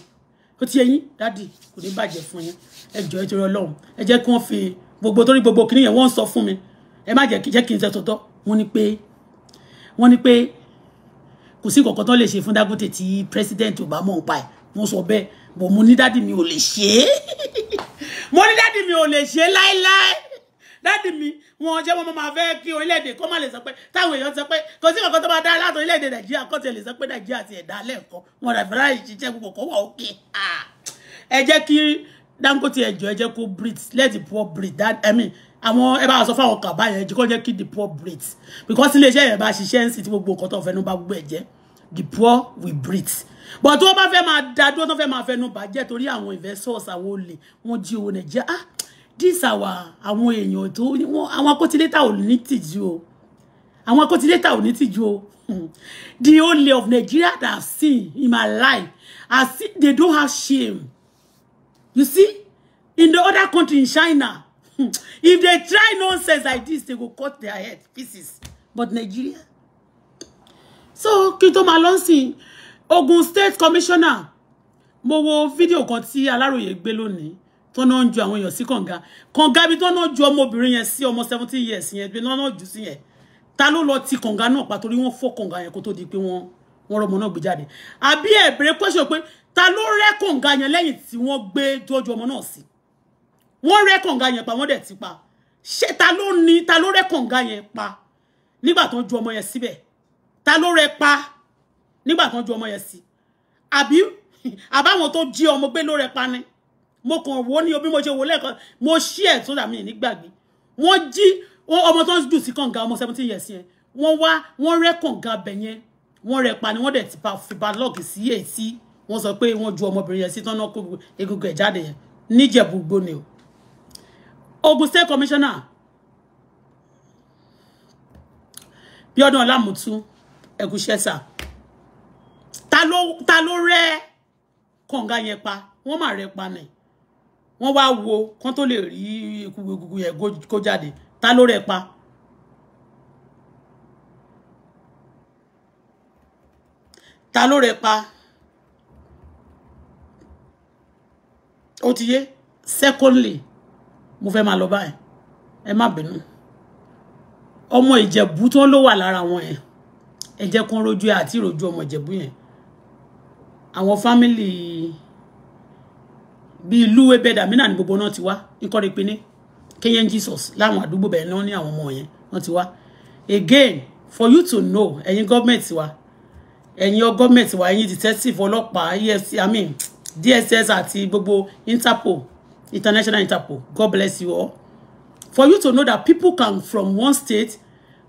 ó ti yé yín dádì kò ní bàjẹ́ fún yín ẹ jọ ẹ ti rọ Ọlọ́run ẹ jẹ́ kí wọ́n fi gbogbo torí gbogbo kìnìyàn wọ́n ń sọ fún mi ẹ má jẹ́ kí n ṣe tòótọ́ wọ́n pé wọ́n ní pé kò sí kankan tó lè ṣe fún Dangote tí president Obama ò pa ẹ̀ wọ́n sọ bẹ́ẹ̀ bọ̀ mo ní dádì mi ò lè ṣe é mo ní dádì mi ò lè ṣe é láéláé dádì mi wọn jẹ́ wọn máa fẹ́ kí orílẹ̀-èdè kó má lè sọ pé táwọn èèyàn sọ pé kò sí kankan tó máa dá láti orílẹ̀-èdè nàìjíríà kó tiẹ̀ lè sọ pé nàìjíríà ti ẹ̀dá lẹ́ẹ̀kan wọn rà fẹ́rẹ́ ìṣiṣẹ́ gbogbo kó wà òkè ah! ẹ jẹ́ kí Dangote ẹjọ ẹ jẹ́ kó breathe let the poor breathe that i mean àwọn ẹ bá sọ fáwọn kàbá yẹn jí kó jẹ́ kí the poor breathe because iléeṣẹ́ yẹn bá ṣiṣẹ́ ń sì tí gbogbo nǹkan tó fẹnu bá gbogbo ẹ̀ the poor will breathe but tó bá fẹ́ máa da dúró tó fẹ́ máa fẹnu bà jẹ́ torí àwọn investors àwọn olè wọ́n jí owó Nigeria. ah this àwà àwọn èèyàn tó wọ́n àwọn akótilétà ò ní tìjú o àwọn akótilétà ò ní tìjú o hmm. the only of Nigeria that I've seen in my life I see they don't have shame You see? In the other country, in China, if they try nonsense like this, they will cut their head pieces. But Nigeria? So, Kito n Ogun State Commissioner, mo wo fídíò kan tí Aláròyé gbé lónìí tó náà ń ju àwọn èèyàn sí kànga kànga ibi tó náà ju ọmọbìnrin yẹn sí ọmọ seventeen years yẹn ibi náà náà jù sí yẹn ta ló lọ ti kànga náà pa torí wọ́n fọ́ kànga yẹn kó tó di pé wọ́n wọ́n rọmọ náà gbé jáde àbí question ta ló rẹ́ kọ̀ǹga yẹn lẹ́yìn tí wọ́n gbé jójú ọmọ náà sí wọ́n rẹ́ kọ̀ǹga yẹn pa wọ́n dẹ̀ ti pa ṣé ta ló ní ta ló rẹ́ kọ̀ǹga yẹn pa nígbà tó ń ju ọmọ yẹn síbẹ̀ ta ló rẹ́ pa nígbà tó ń ju ọmọ yẹn sí àbí àbáwọn tó jí ọmọ gbé ló rẹ́ pa ni mo kàn wò ní bí mo ṣe wò lẹ́ẹ̀kan mo ṣí ẹ̀ tó dà nígbàgbé wọ́n jí ọmọ tó ń jù sí kọ̀ǹga ọmọ seventeen years yẹn wọ́n wá wọ́n rẹ́ kọ̀ǹga bẹ̀ yẹn wọ́n rẹ́ pa ni wọ́n dẹ̀ ti fi balọ́ọ̀gì sí èyí wọ́n sọ pé wọ́n ju ọmọbìnrin yẹn sí tán kó egungun ẹ̀ jáde yẹn níjẹ̀bú gbóni o Ogun State Commissioner Bíọ́dún Ọlámùtú ẹ̀gúnṣẹ́ sà ta ló ta ló rẹ́ kànga yẹn pa wọ́n mà rẹ́ pa nì wọ́n wá wo kán tó lè rí egungun yẹn kó jáde ta ló rẹ́ pa. ta ló rẹ pa ó secondly mo fẹ́ máa lọ báyìí ẹ má bínú ọmọ ìjẹ̀bú tó ló wà lára wọn yẹn ẹ jẹ́ kó rojú ẹ àti ìrojú ọmọ ìjẹ̀bú yẹn àwọn fámìlì bíi ìlú ebedamina ní gbogbo náà ti wá nkọ́ni pinni kenyan jesus láwọn àdúgbò bẹ̀rẹ̀ náà ní àwọn ọmọ yẹn wọ́n ti wá again for you to know ẹ̀yin gọ́ọ̀mẹ̀ntì wa ẹ̀yin gọ́ọ̀mẹ̀ntì wa ẹ̀yin detective ọlọ́pàá efcc i mean DSS àti gbogbo Interpol international Interpol God bless you all for you to know that people come from one state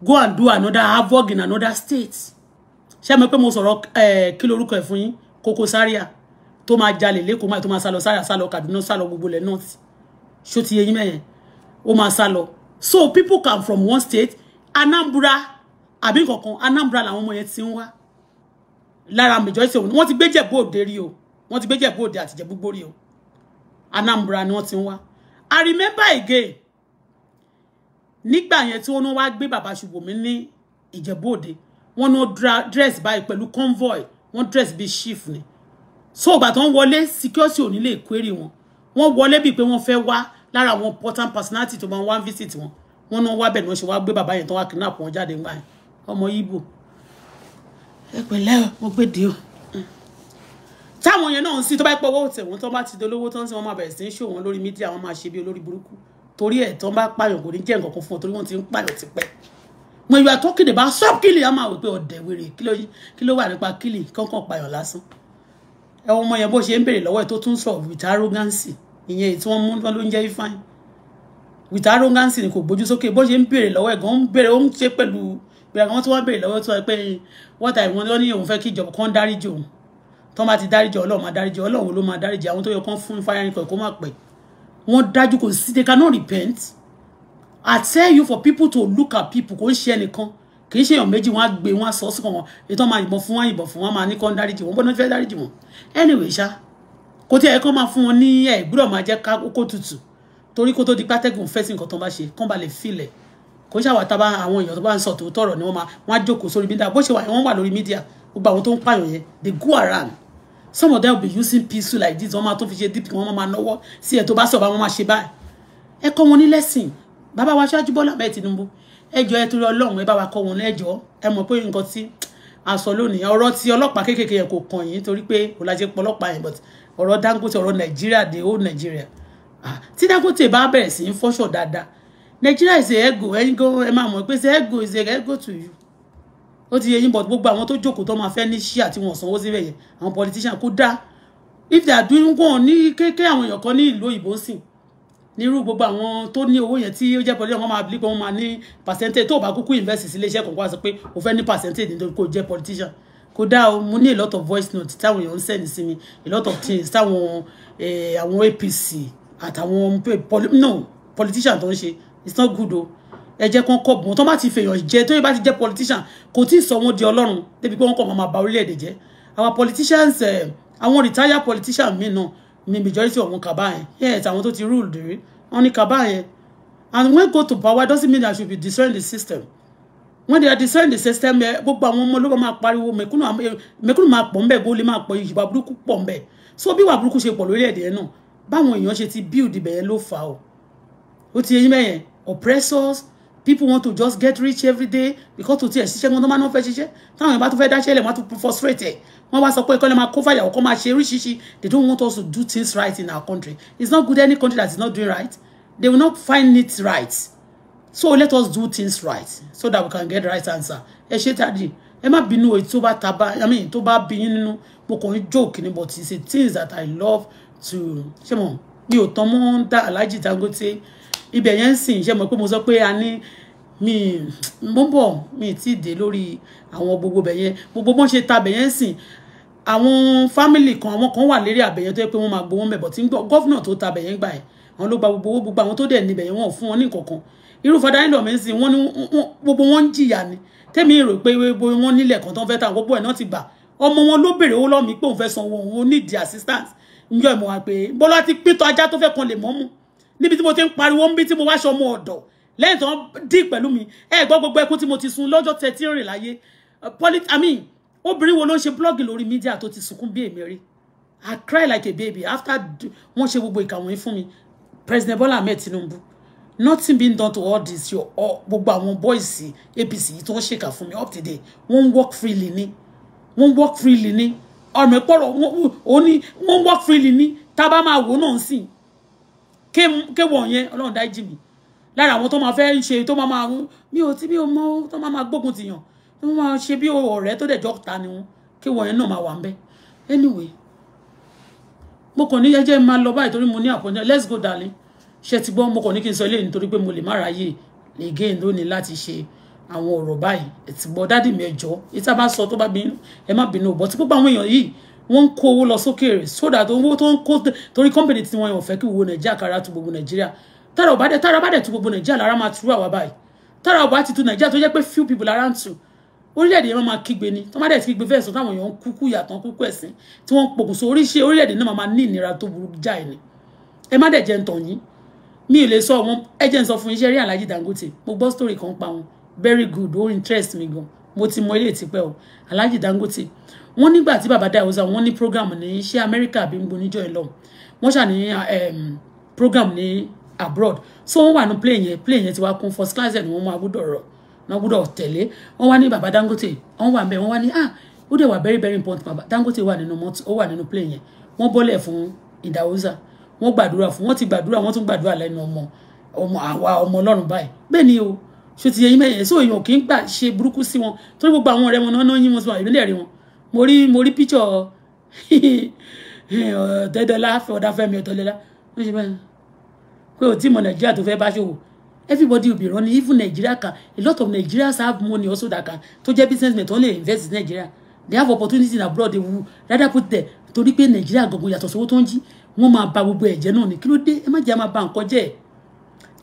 go and do another havoc in another state ṣé mo pé mo sọ̀rọ̀ kí lorúkọ ẹ̀ fún yín Koko Zaria tó máa jalè lẹ́kọ̀ọ́ máa tó máa sálọ sára sálọ Kaduna sálọ gbogbo ilẹ̀ north ṣó ti yẹyin mẹ́yẹn ó máa sálọ so people come from one state Anambra àbí nǹkan kan Anambra làwọn ọmọ yẹn ti ń wá lára majority wọn ti gbé Jẹ̀bú Òde rí o wọ́n ti gbé Jẹ̀bú Òde àti Jẹ̀bú Gbórí o Anambra ni wọ́n ti ń wá I remember again nígbà yẹn tí wọ́n wá gbé bàbá Ṣùbọ́mi ní Ìjẹ̀bú Òde wọ́n náà dress báyìí pẹ̀lú convoy wọ́n dress bíi chief ni so ìgbà tó ń wọlé security ò ní lè query wọn wọ́n wọlé bíi pé wọ́n fẹ́ wá lára àwọn important personality tó máa ń wá visit wọn wọ́n náà wá bẹ́ẹ̀ ni wọ́n ṣe wá gbé bàbá yẹn tó wá kidnap wọn jáde ńgbà yẹn ọmọ Ìgbò ẹ pẹ̀lẹ́ mo o táwọn yẹn náà ń sí tó bá pọ̀ owó tẹ̀ wọ́n tó bá ti dolówó tó ń wọ́n máa bẹ̀rẹ̀ sí í ṣò wọ́n lórí mídíà wọ́n máa ṣe bí olórí burúkú torí ẹ̀ tó bá pààyàn kò ní jẹ́ nǹkan kan fún ọ torí wọ́n ti ń pààyàn tipẹ́ when you are talking about stop killing a máa wò pé ọ̀dẹ̀ wèrè kí ló wà nípa killing kankan pààyàn lásán ẹwọn ọmọ yẹn bó ṣe ń béèrè lọ́wọ́ ẹ̀ tó tún sọ with arrogance ìyẹn èyí tí wọ́n mú ló with arrogance ni kò gbójú sókè bó ṣe ń béèrè lọ́wọ́ ẹ̀ gan ń tó máa ti dáríjì ọlọ́run máa dáríjì ọlọ́run ló máa dáríjì àwọn tó yẹ kán fún fáyà nìkan kó má pẹ́ wọ́n dájú kò sí they cannot repent I tell you for people to look at people kò ń ṣe ẹnìkan kì í ṣe èèyàn méjì wọn á gbé wọn á sọ síkàn wọn ìtàn máa yìnbọn fún wọn yìnbọn fún wọn máa ní kán dáríjì wọn gbọ́dọ̀ fẹ́ dáríjì wọn anyway ṣá kò tí ẹ kán máa fún wọn ní ẹ gbúdọ̀ máa jẹ́ kókó tutù torí kó tó di pátẹ́gùn fẹ́ sí nǹkan tó bá ṣe kán balẹ̀ filẹ̀ kò ṣàwà tábà àwọn èèyàn tó bá ń sọ tòótọ́ ọ̀rọ̀ ni wọ́n máa wọ́n á jókòó sórí mídíà bó ṣe wà wọ́n wà lórí mídíà gbogbo àwọn tó ń pààyàn yẹn they go around some of them will be using pencil like this wọ́n máa tó fi ṣe dip wọ́n máa náwó sí ẹ̀ tó bá sọ̀rọ̀ wọ́n máa ṣe báyìí ẹ kọ́ wọn ní lẹ́sìn bàbá wa ṣáájú Bọ́lá bẹ́ẹ̀ Tinubu ẹjọ́ ẹ torí Ọlọ́run ẹ bá wa kọ́ wọn lẹ́jọ́ ẹ mọ̀ pé nǹkan tí a sọ lónìí ọ̀rọ̀ tí ọlọ́pàá kéékèèké yẹn kò kàn yín torí pé kò láti pọ̀ ọlọ́pàá yẹn but ọ̀rọ̀ Dangote ọ̀rọ̀ Nàìjíríà dé ó Nàìjíríà tí Dangote bá bẹ̀rẹ̀ sí í fọ́ṣọ̀ Dada, Nigeria is a ego ego ẹ máa mọ̀ pé ṣe ego is a ego to you ó ti yẹ yín but gbogbo àwọn tó jókòó tó máa fẹ́ ní ṣíà tí wọ́n sanwó síbẹ̀ yẹn àwọn politician kó dá if they are doing wọn ní kékeré àwọn èèyàn kan ní ìlú òyìnbó ń sìn nírú gbogbo àwọn tó ní owó yẹn tí ó jẹ́ politician wọ́n máa bí pé wọ́n máa ní percentage tó bá kúkú invest sí iléeṣẹ́ kọ̀ọ̀kan wá sọ pé o fẹ́ ní percentage nítorí kó jẹ́ politician kó dá o mo ní a lot of voice note táwọn èèyàn ń send sí mi a lot of things táwọn àwọn APC àtàwọn no politician tó ń ṣe it's not good o. Oh ẹ̀jẹ̀ kan kọ̀ bùn tó bá ti fèèyàn jẹ tó yẹ bá ti jẹ́ politician kò tí ì sọ wọn di ọlọ́run débi pé wọ́n kọ̀ máa ba orílẹ̀-èdè jẹ́ àwọn politicians eh, àwọn retired politicians mi náà ni majority of wọn kaba yẹn yes àwọn tó ti rule dèrè wọn ni kaba yẹn and when go to power doesn't mean that you be destroying the system when they are destroying the system eh, gbogbo àwọn ọmọ olóko máa pariwo eh, mẹ̀kúnnù máa pọ̀ ńbẹ̀ gbólé máa pọ̀ ìwà burúkú pọ̀ ńbẹ̀ so bí ìwà burúkú ṣe pọ̀ lórílẹ̀‐èdè yẹn náà báwọn èèyàn ṣe ti build ibẹ̀ yẹn ló fà á o ó ti yẹn mẹ́yẹn oppressors people want to just get rich every day because to tell ṣiṣẹ́ wọn tó máa ń fẹ́ ṣiṣẹ́ táwọn èèyàn bá tún fẹ́ dáṣẹ́ lẹ̀ wọ́n á tún frustrate ẹ̀ wọ́n wá sọ pé kọ́lẹ́ máa kó fàyàwó kọ́ máa ṣe oríṣiríṣi they don't want us to do things right in our country it's not good any country that is not doing right they will not find it right so let us do things right so that we can get the right answer ẹ ṣe tàdí ẹ má bínú èyí tó bá taba i mean tó bá bí nínú mo kàn ń joke ni but it's a things that i love to ṣé mo mi ò tán mọ́ ń dá Alhaji Dangote ibẹ̀ yẹn ń sìn ṣe mọ̀ pé mo sọ pé a ní mi mo ń bọ̀ mi ti dé lórí àwọn gbogbo bẹ̀ yẹn gbogbo bọ́n ṣe ta bẹ̀ yẹn sìn àwọn fámìlì kan àwọn kan wà lérí àbẹ̀yẹn tó yẹ pé wọ́n máa gbowó mẹ́bọ̀ tí ń gbọ́ gọ́fìnà tó ta bẹ̀ yẹn gbà ẹ̀ àwọn ló gba gbogbo owó gbogbo àwọn tó dẹ̀ níbẹ̀ yẹn wọ́n fún wọn ní kankan irú fada ìlọ mi ń sìn wọ́n ní gbogbo wọn ń jìyà ni tẹ́mi rò pé wọ́n nílẹ̀ kan tó ń fẹ́ ta gbogbo ẹ̀ náà ti gbà ọmọ wọn ló béèrè owó lọ́mìí pé òun fẹ́ san owó òun ó nídìí assistance ń yọ ìmọ̀ wá pé bọ́lá ti pítọ́ ajá tó fẹ́ kan lè mọ́ mú níbi tí mo ti ń pariwo níbi tí mo wáṣọ ọmọ ọ̀dọ̀ lẹ́yìn tó ń dì pẹ̀lú mi ẹ gbọ́ gbogbo ẹkún tí mo ti sun lọ́jọ́ thirteen rìn láyé uh, polit i mean obìnrin wo ló ń ṣe blọ́ọ̀gì lórí mídíà tó ti sunkún bí èmi rí i cry like a baby after wọ́n ṣe gbogbo ìkà wọ̀nyí fún mi president Bola Ahmed Tinubu nothing being done to all this your gbogbo àwọn boys APC yìí tó ń ṣèkà fún mi up to date wọ́n ń work freely ni wọ́n ń work freely ni ọ̀rọ̀ mi pọ̀rọ̀ òun ni wọ́n ń work freely ni tá a bá máa wò náà sìn kéwọ̀ yẹn ọlọ́run dáríjì mi lára àwọn tó máa fẹ́ ń ṣe tó máa máa mi ò tí mi ò mọ tó máa máa gbógun tìyàn tó máa ṣe bí ọ̀rẹ́ tó dẹ̀ jọ́ta ni wọn kéwọ̀ yẹn náà máa wà ń bẹ́ anyway mo kàn ní jẹ́jẹ́ máa lọ báyìí torí mo ní àpọ̀jọ́ let's go darling ṣe ti gbọ́ mo kàn ní kí n sọ eléyìí nítorí pé mo lè má ráyè lè gé ìdó ni láti ṣe àwọn ọ̀rọ̀ báyìí ẹ ti gbọ́ dádì mi ẹ jọ̀ọ́ ìta bá sọ tó bá bínú ẹ má bínú bọ́ tí gbogbo àwọn èèyàn yìí wọ́n ń kó owó lọ sókèèrè so that owó tó ń kó torí company tí wọ́n yàn fẹ́ kí wo nàìjíríà kára tu gbogbo nàìjíríà tára ọba dẹ tára ọba dẹ tu gbogbo nàìjíríà lára máa turú àwa báyìí tára ọba ti tu nàìjíríà tó jẹ́ pé few people lára ń tu orílẹ̀-èdè yẹn máa kígbe ni tó má dẹ̀ ti kígbe fẹ́ẹ̀ sọ táwọn èèyàn ń kúkú yàtọ̀ kúkú ẹ̀sìn tí wọ́n ń pokùnso oríṣi orílẹ̀-èdè náà máa ní ìnira tó burú jáì ni ẹ má dẹ̀ jẹ́ ntàn yín mi ò lè sọ wọn ẹ jẹ́ n sọ fún iṣẹ́ rí Alhaji Dangote mo gbọ́ story kan pa wọn very good ó interest mi gan mo ti mọ ilé ìtìpẹ́ o Alhaji Dangote wọ́n nígbà tí bàbá dáhùn sáà wọ́n ní program ní ṣé amẹ́ríkà àbí ń gbóníjọ́ ẹ̀ lọ wọ́n ṣà um, program ní abroad so wọ́n wà ní plane yẹn plane yẹn ti wá kún first class ẹ̀ ni wọ́n máa gbọ́dọ̀ náà gbọ́dọ̀ tẹ̀lé wọ́n wá ní bàbá dangote wọ́n wà mẹ́ wọ́n wá ní ah ó dẹ̀ wà very very important bàbá dangote wà nínú mọ́tò ó wà nínú plane yẹn wọ́n bọ́lẹ̀ fún ìdáhùsà wọ́n gbàdúrà fún wọ́n ti gbàdúrà wọ́n tún gbàdúrà lẹ́nu ọmọ ọmọ àwa ọmọ ọlọ́run báyìí bẹ́ẹ̀ ni o ṣòtìyẹ yín mẹ́yẹ̀ sóòyàn kì í gbà ṣe burúkú sí wọn torí gbogbo àwọn ọ̀rẹ́ wọn náà yín wọn sọ àbílẹ̀ rí wọn mo rí mo rí píchọ ọ̀dẹ́dọ́lá ọ̀dáfẹ́mi ọ̀tọ́lẹ́lá ó ṣe bẹ́ẹ̀ pé ò tí mọ nàìjíríà tó fẹ́ bá ṣòwò everybody will be running even nigeria can a lot of nigerians have money also that can tó jẹ́ businessmen tó ń lè invest in nigeria they have opportunity in abroad they will rather put there torí pé nigeria gbogbo yàtọ̀ sówó tó ń jí wọ́n máa ba gbogbo ẹ̀jẹ̀ náà ni kí ló dé ẹ má jẹ́ máa ba nǹkan jẹ́ ẹ̀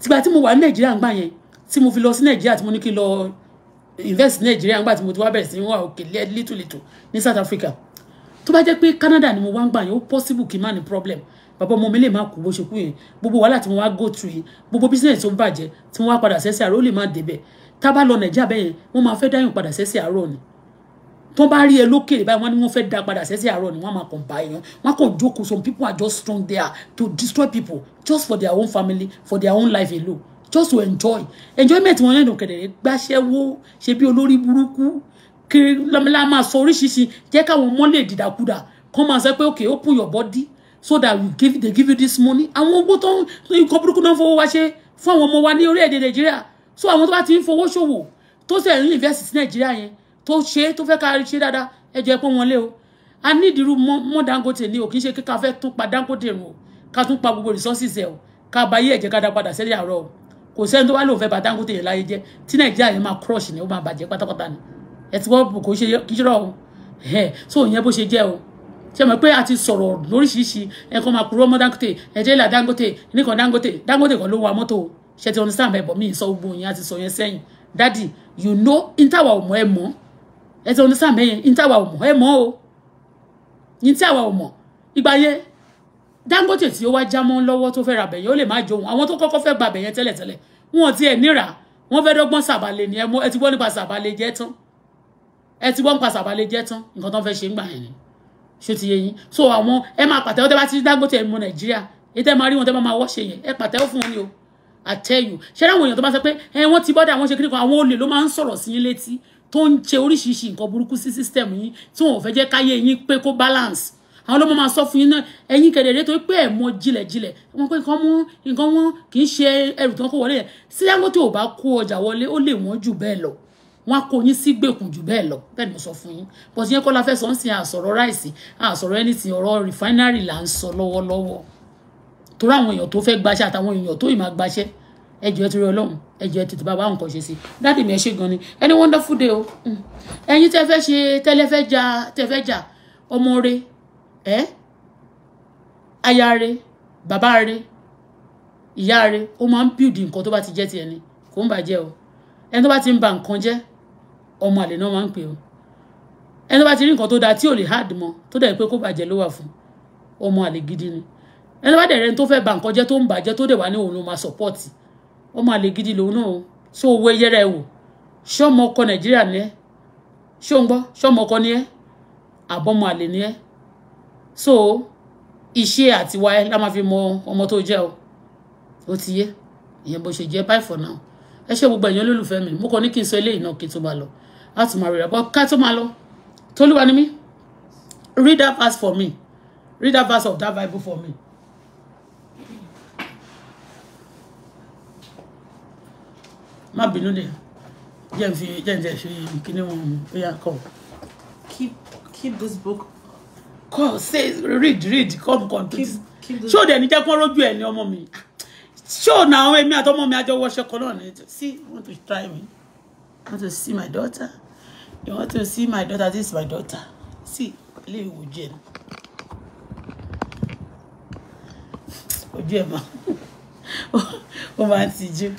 tìgbà tí mo wà ní nigeria ń gbà yẹn tí mo fi lọ sí nigeria tí mo ní kí n lọ invest ní nàìjíríà nígbà tí mo ti wá bẹ̀rẹ̀ sí ní wà òkè little little ní south africa tó bá jẹ́ pé canada ni mo wá ń gbà yẹn ó possible kí n má ní problem bàbá ọmọ mi lè má kú bó ṣe kú yẹn gbogbo wàhálà tí mo wá go through yẹn gbogbo business tó ń bàjẹ́ tí mo wá padà sẹ́sẹ̀ àárọ̀ ó lè má débẹ̀ tá a bá lọ nàìjíríà bẹ́ẹ̀ yẹn wọ́n máa fẹ́ dáyàn padà sẹ́sẹ̀ àárọ̀ ni tó bá rí ẹ lókèrè báyìí wọ́n ní wọ́n fẹ́ dá padà sẹ́sẹ̀ àárọ̀ ni wọ́n máa kàn bá èèyàn wọ́n kàn jókòó some people are just strong there to destroy people just for their own family for their own life alone just to enjoy enjoyment wọn náà kẹ̀dẹ̀rẹ́ gbáṣẹ́wó ṣe bí olórí burúkú kiri lọ́mọlá máa sọ oríṣiríṣi jẹ́ káwọn ọmọ lè dìdàkudà kọ́ máa sọ pé okay open your body so that you give they give you this money àwọn owó tó ń nǹkan burúkú náà fowó wá ṣe fún àwọn ọmọ wa ní orílẹ̀-èdè nàìjíríà so àwọn tó bá ti ń fowó ṣòwò tó sì ń invest sí nàìjíríà yẹn tó ṣe tó fẹ́ ká ṣe dáadáa ẹ jẹ́ pé wọ́n lé o a ní ìdírú mọ́ dangote ni o kì í ṣe kíkà fẹ́ tún pa dangote rùn o ká tún pa gbogbo resources ẹ̀ o ká bá yí ẹ̀jẹ̀ ká dá padà sẹ́lẹ̀ àárọ̀ o kò sẹ́ni tó wá lòun fẹ́ bá Dangote yẹn láyé jẹ́ tí Nàìjíríà yẹn máa crush ni ó máa bàjẹ́ pátápátá ni ẹ ti wọ́n kò ṣe kíjọ́rọ̀ o ẹ̀ so ìyẹn bó ṣe jẹ́ o ṣe mọ̀ pé a ti sọ̀rọ̀ lóríṣiríṣi ẹ kàn máa kúrò mọ́ Dangote ẹ̀jẹ̀ ìlà Dangote nìkan Dangote Dangote kan ló wa mọ́tò ṣe ti understand bẹ́ẹ̀ bọ̀ mí sọ gbogbo yẹn a ti sọ yẹn sẹ́yìn dadi you know intawa ò mọ̀ ẹ mọ̀ ẹ ti understand bẹ́ẹ̀ yẹn intawa ò mọ̀ ẹ mọ̀ o intawa ò mọ̀ ìgbà yẹn Dangote tí ó wá jámọ́ lọ́wọ́ tó fẹ́ ra bẹ̀yẹn ó lè má jóun àwọn tó kọ́kọ́ fẹ́ gba bẹ̀yẹn tẹ́lẹ̀tẹ́lẹ̀ wọn ti ẹ̀ níra wọn fẹ́ dọ́gbọ́n sàbàlẹ̀ ni ẹ ti gbọ́ nípa sàbàlẹ̀ jẹ́ tán ẹ ti gbọ́ nípa sàbàlẹ̀ jẹ́ tán nǹkan tó ń fẹ́ ṣe ń gbà yẹn ni ṣó ti yé yín so àwọn ẹ máa pàtẹ́wọ́ tẹ́ bá ti Dangote mọ Nàìjíríà èyí tẹ́ máa rí wọn tẹ́ máa wọ́ yẹn ẹ pàtẹ́wọ́ fún wọn ni o àtẹ́yù ṣé àwọn èèyàn tó bá sọ pé ẹ wọ́n ti bọ́dà àwọn ṣe kíríkan àwọn olè ló máa ń sọ̀rọ̀ sí yín létí tó ń ṣe oríṣiríṣi balance àwọn ló máa sọ fún yín náà ẹ̀yin kẹ̀dẹ̀rẹ́ torí pé ẹ̀ mọ jilẹ̀jilẹ̀ wọn pé nǹkan mú nǹkan wọn kì í ṣe ẹrù tí wọn kó wọlé yẹn sí Dangote ò bá kó ọjà wọlé ó lè wọ́n jù bẹ́ẹ̀ lọ wọn á kó sí gbèkùn jù bẹ́ẹ̀ lọ bẹ́ẹ̀ ni mo sọ fún yín bọ́n ti yẹn kọ́ la fẹ́ sọ ń sin àsọ̀rọ̀ ráìsì àsọ̀rọ̀ anything ọ̀rọ̀ refinery là ń sọ lọ́wọ́lọ́wọ́ torí àwọn èèyàn tó fẹ́ gbaṣẹ́ àtàwọn èèyàn tó ì máa gbaṣẹ́ ẹjọ́ ti rí ọlọ́run ẹjọ́ tètè bàbá nǹkan ṣe sí dáàdì mi ẹ ṣe gan ni any wonderful day o hmm. ẹ̀yin tẹ́ fẹ́ ṣe tẹ́lẹ̀ fẹ́ jà tẹ́ fẹ́ jà ọmọ rẹ̀ ẹ aya re bàbá re ìyá re ó máa ń build nǹkan tó bá ti jẹ́ tiẹ̀ ni kò ń bàjẹ́ o ẹni tó bá ti ń ba nǹkan jẹ́ ọmọ àlè náà máa ń pè o ẹni tó bá ti rí nǹkan tó dáa tí ò lè hard mọ tó dẹ̀ pé kó bàjẹ́ ló wà fún ọmọ àlè gidi ni ẹni tó bá dẹ̀ rẹni tó fẹ́ ba nǹkan jẹ́ tó ń bàjẹ́ tó dẹ̀ wà ní òun ló máa support ọmọ àlè gidi lòun náà o so owó ẹyẹrẹ ẹ wò ṣé ọmọ ọkọ nàìjíríà ni ẹ ṣé o gbọ́ ṣé ọmọ ọkọ ni ẹ àbọ̀mọ àlè ni ẹ so ìṣe àtiwá ẹ la máa fi mọ ọmọ tó jẹ́ o ó ti yé ìyẹn bó ṣe jẹ́ bye for now ẹ ṣe gbogbo ẹ̀yin olólùfẹ́ mi mo kàn ní kí n sọ eléyìí náà kí n tó máa lọ láti máa rẹ̀ bọ́ ká tó máa lọ tolúwa ni mí read that verse for me read that verse of that bible for me. má bínú dè jẹ́ n fi jẹ́ n jẹ́ ṣe kíní wọn ó yà kọ́. keep keep this book call say read read come complete ṣó dẹ̀ ní jẹ́ kó rójú ẹ̀ ní ọmọ mi ṣó na àwọn èmi àtọmọ mi àjọ wọṣẹ kan náà ní see want to try me want to see my daughter you want to see my daughter this is my daughter see ilé ìwò jẹ ni ojú ma. máa ó máa ti jẹ́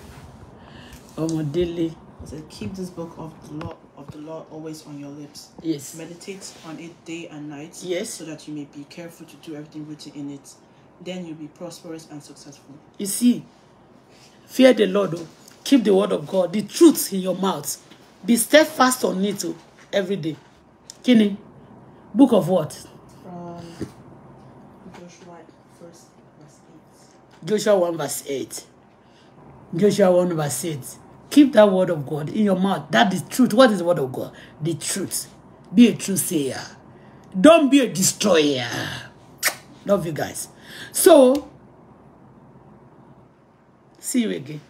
ọmọdélé. I said keep this book of the law. of the law always on your lips. Yes. Meditate on it day and night. Yes. So that you may be careful to do everything written in it. Then you'll be prosperous and successful. You see, fear the Lord. Oh. Keep the word of God, the truth in your mouth. Be steadfast on it oh, every day. Kini, book of what? Joshua 1 verse 8. Joshua 1 verse 8. Joshua 1 verse 8. Keep that word of God in your mouth. That is truth. What is the word of God? The truth. Be a true sayer. Don't be a destroyer. Love you guys. So, see you again.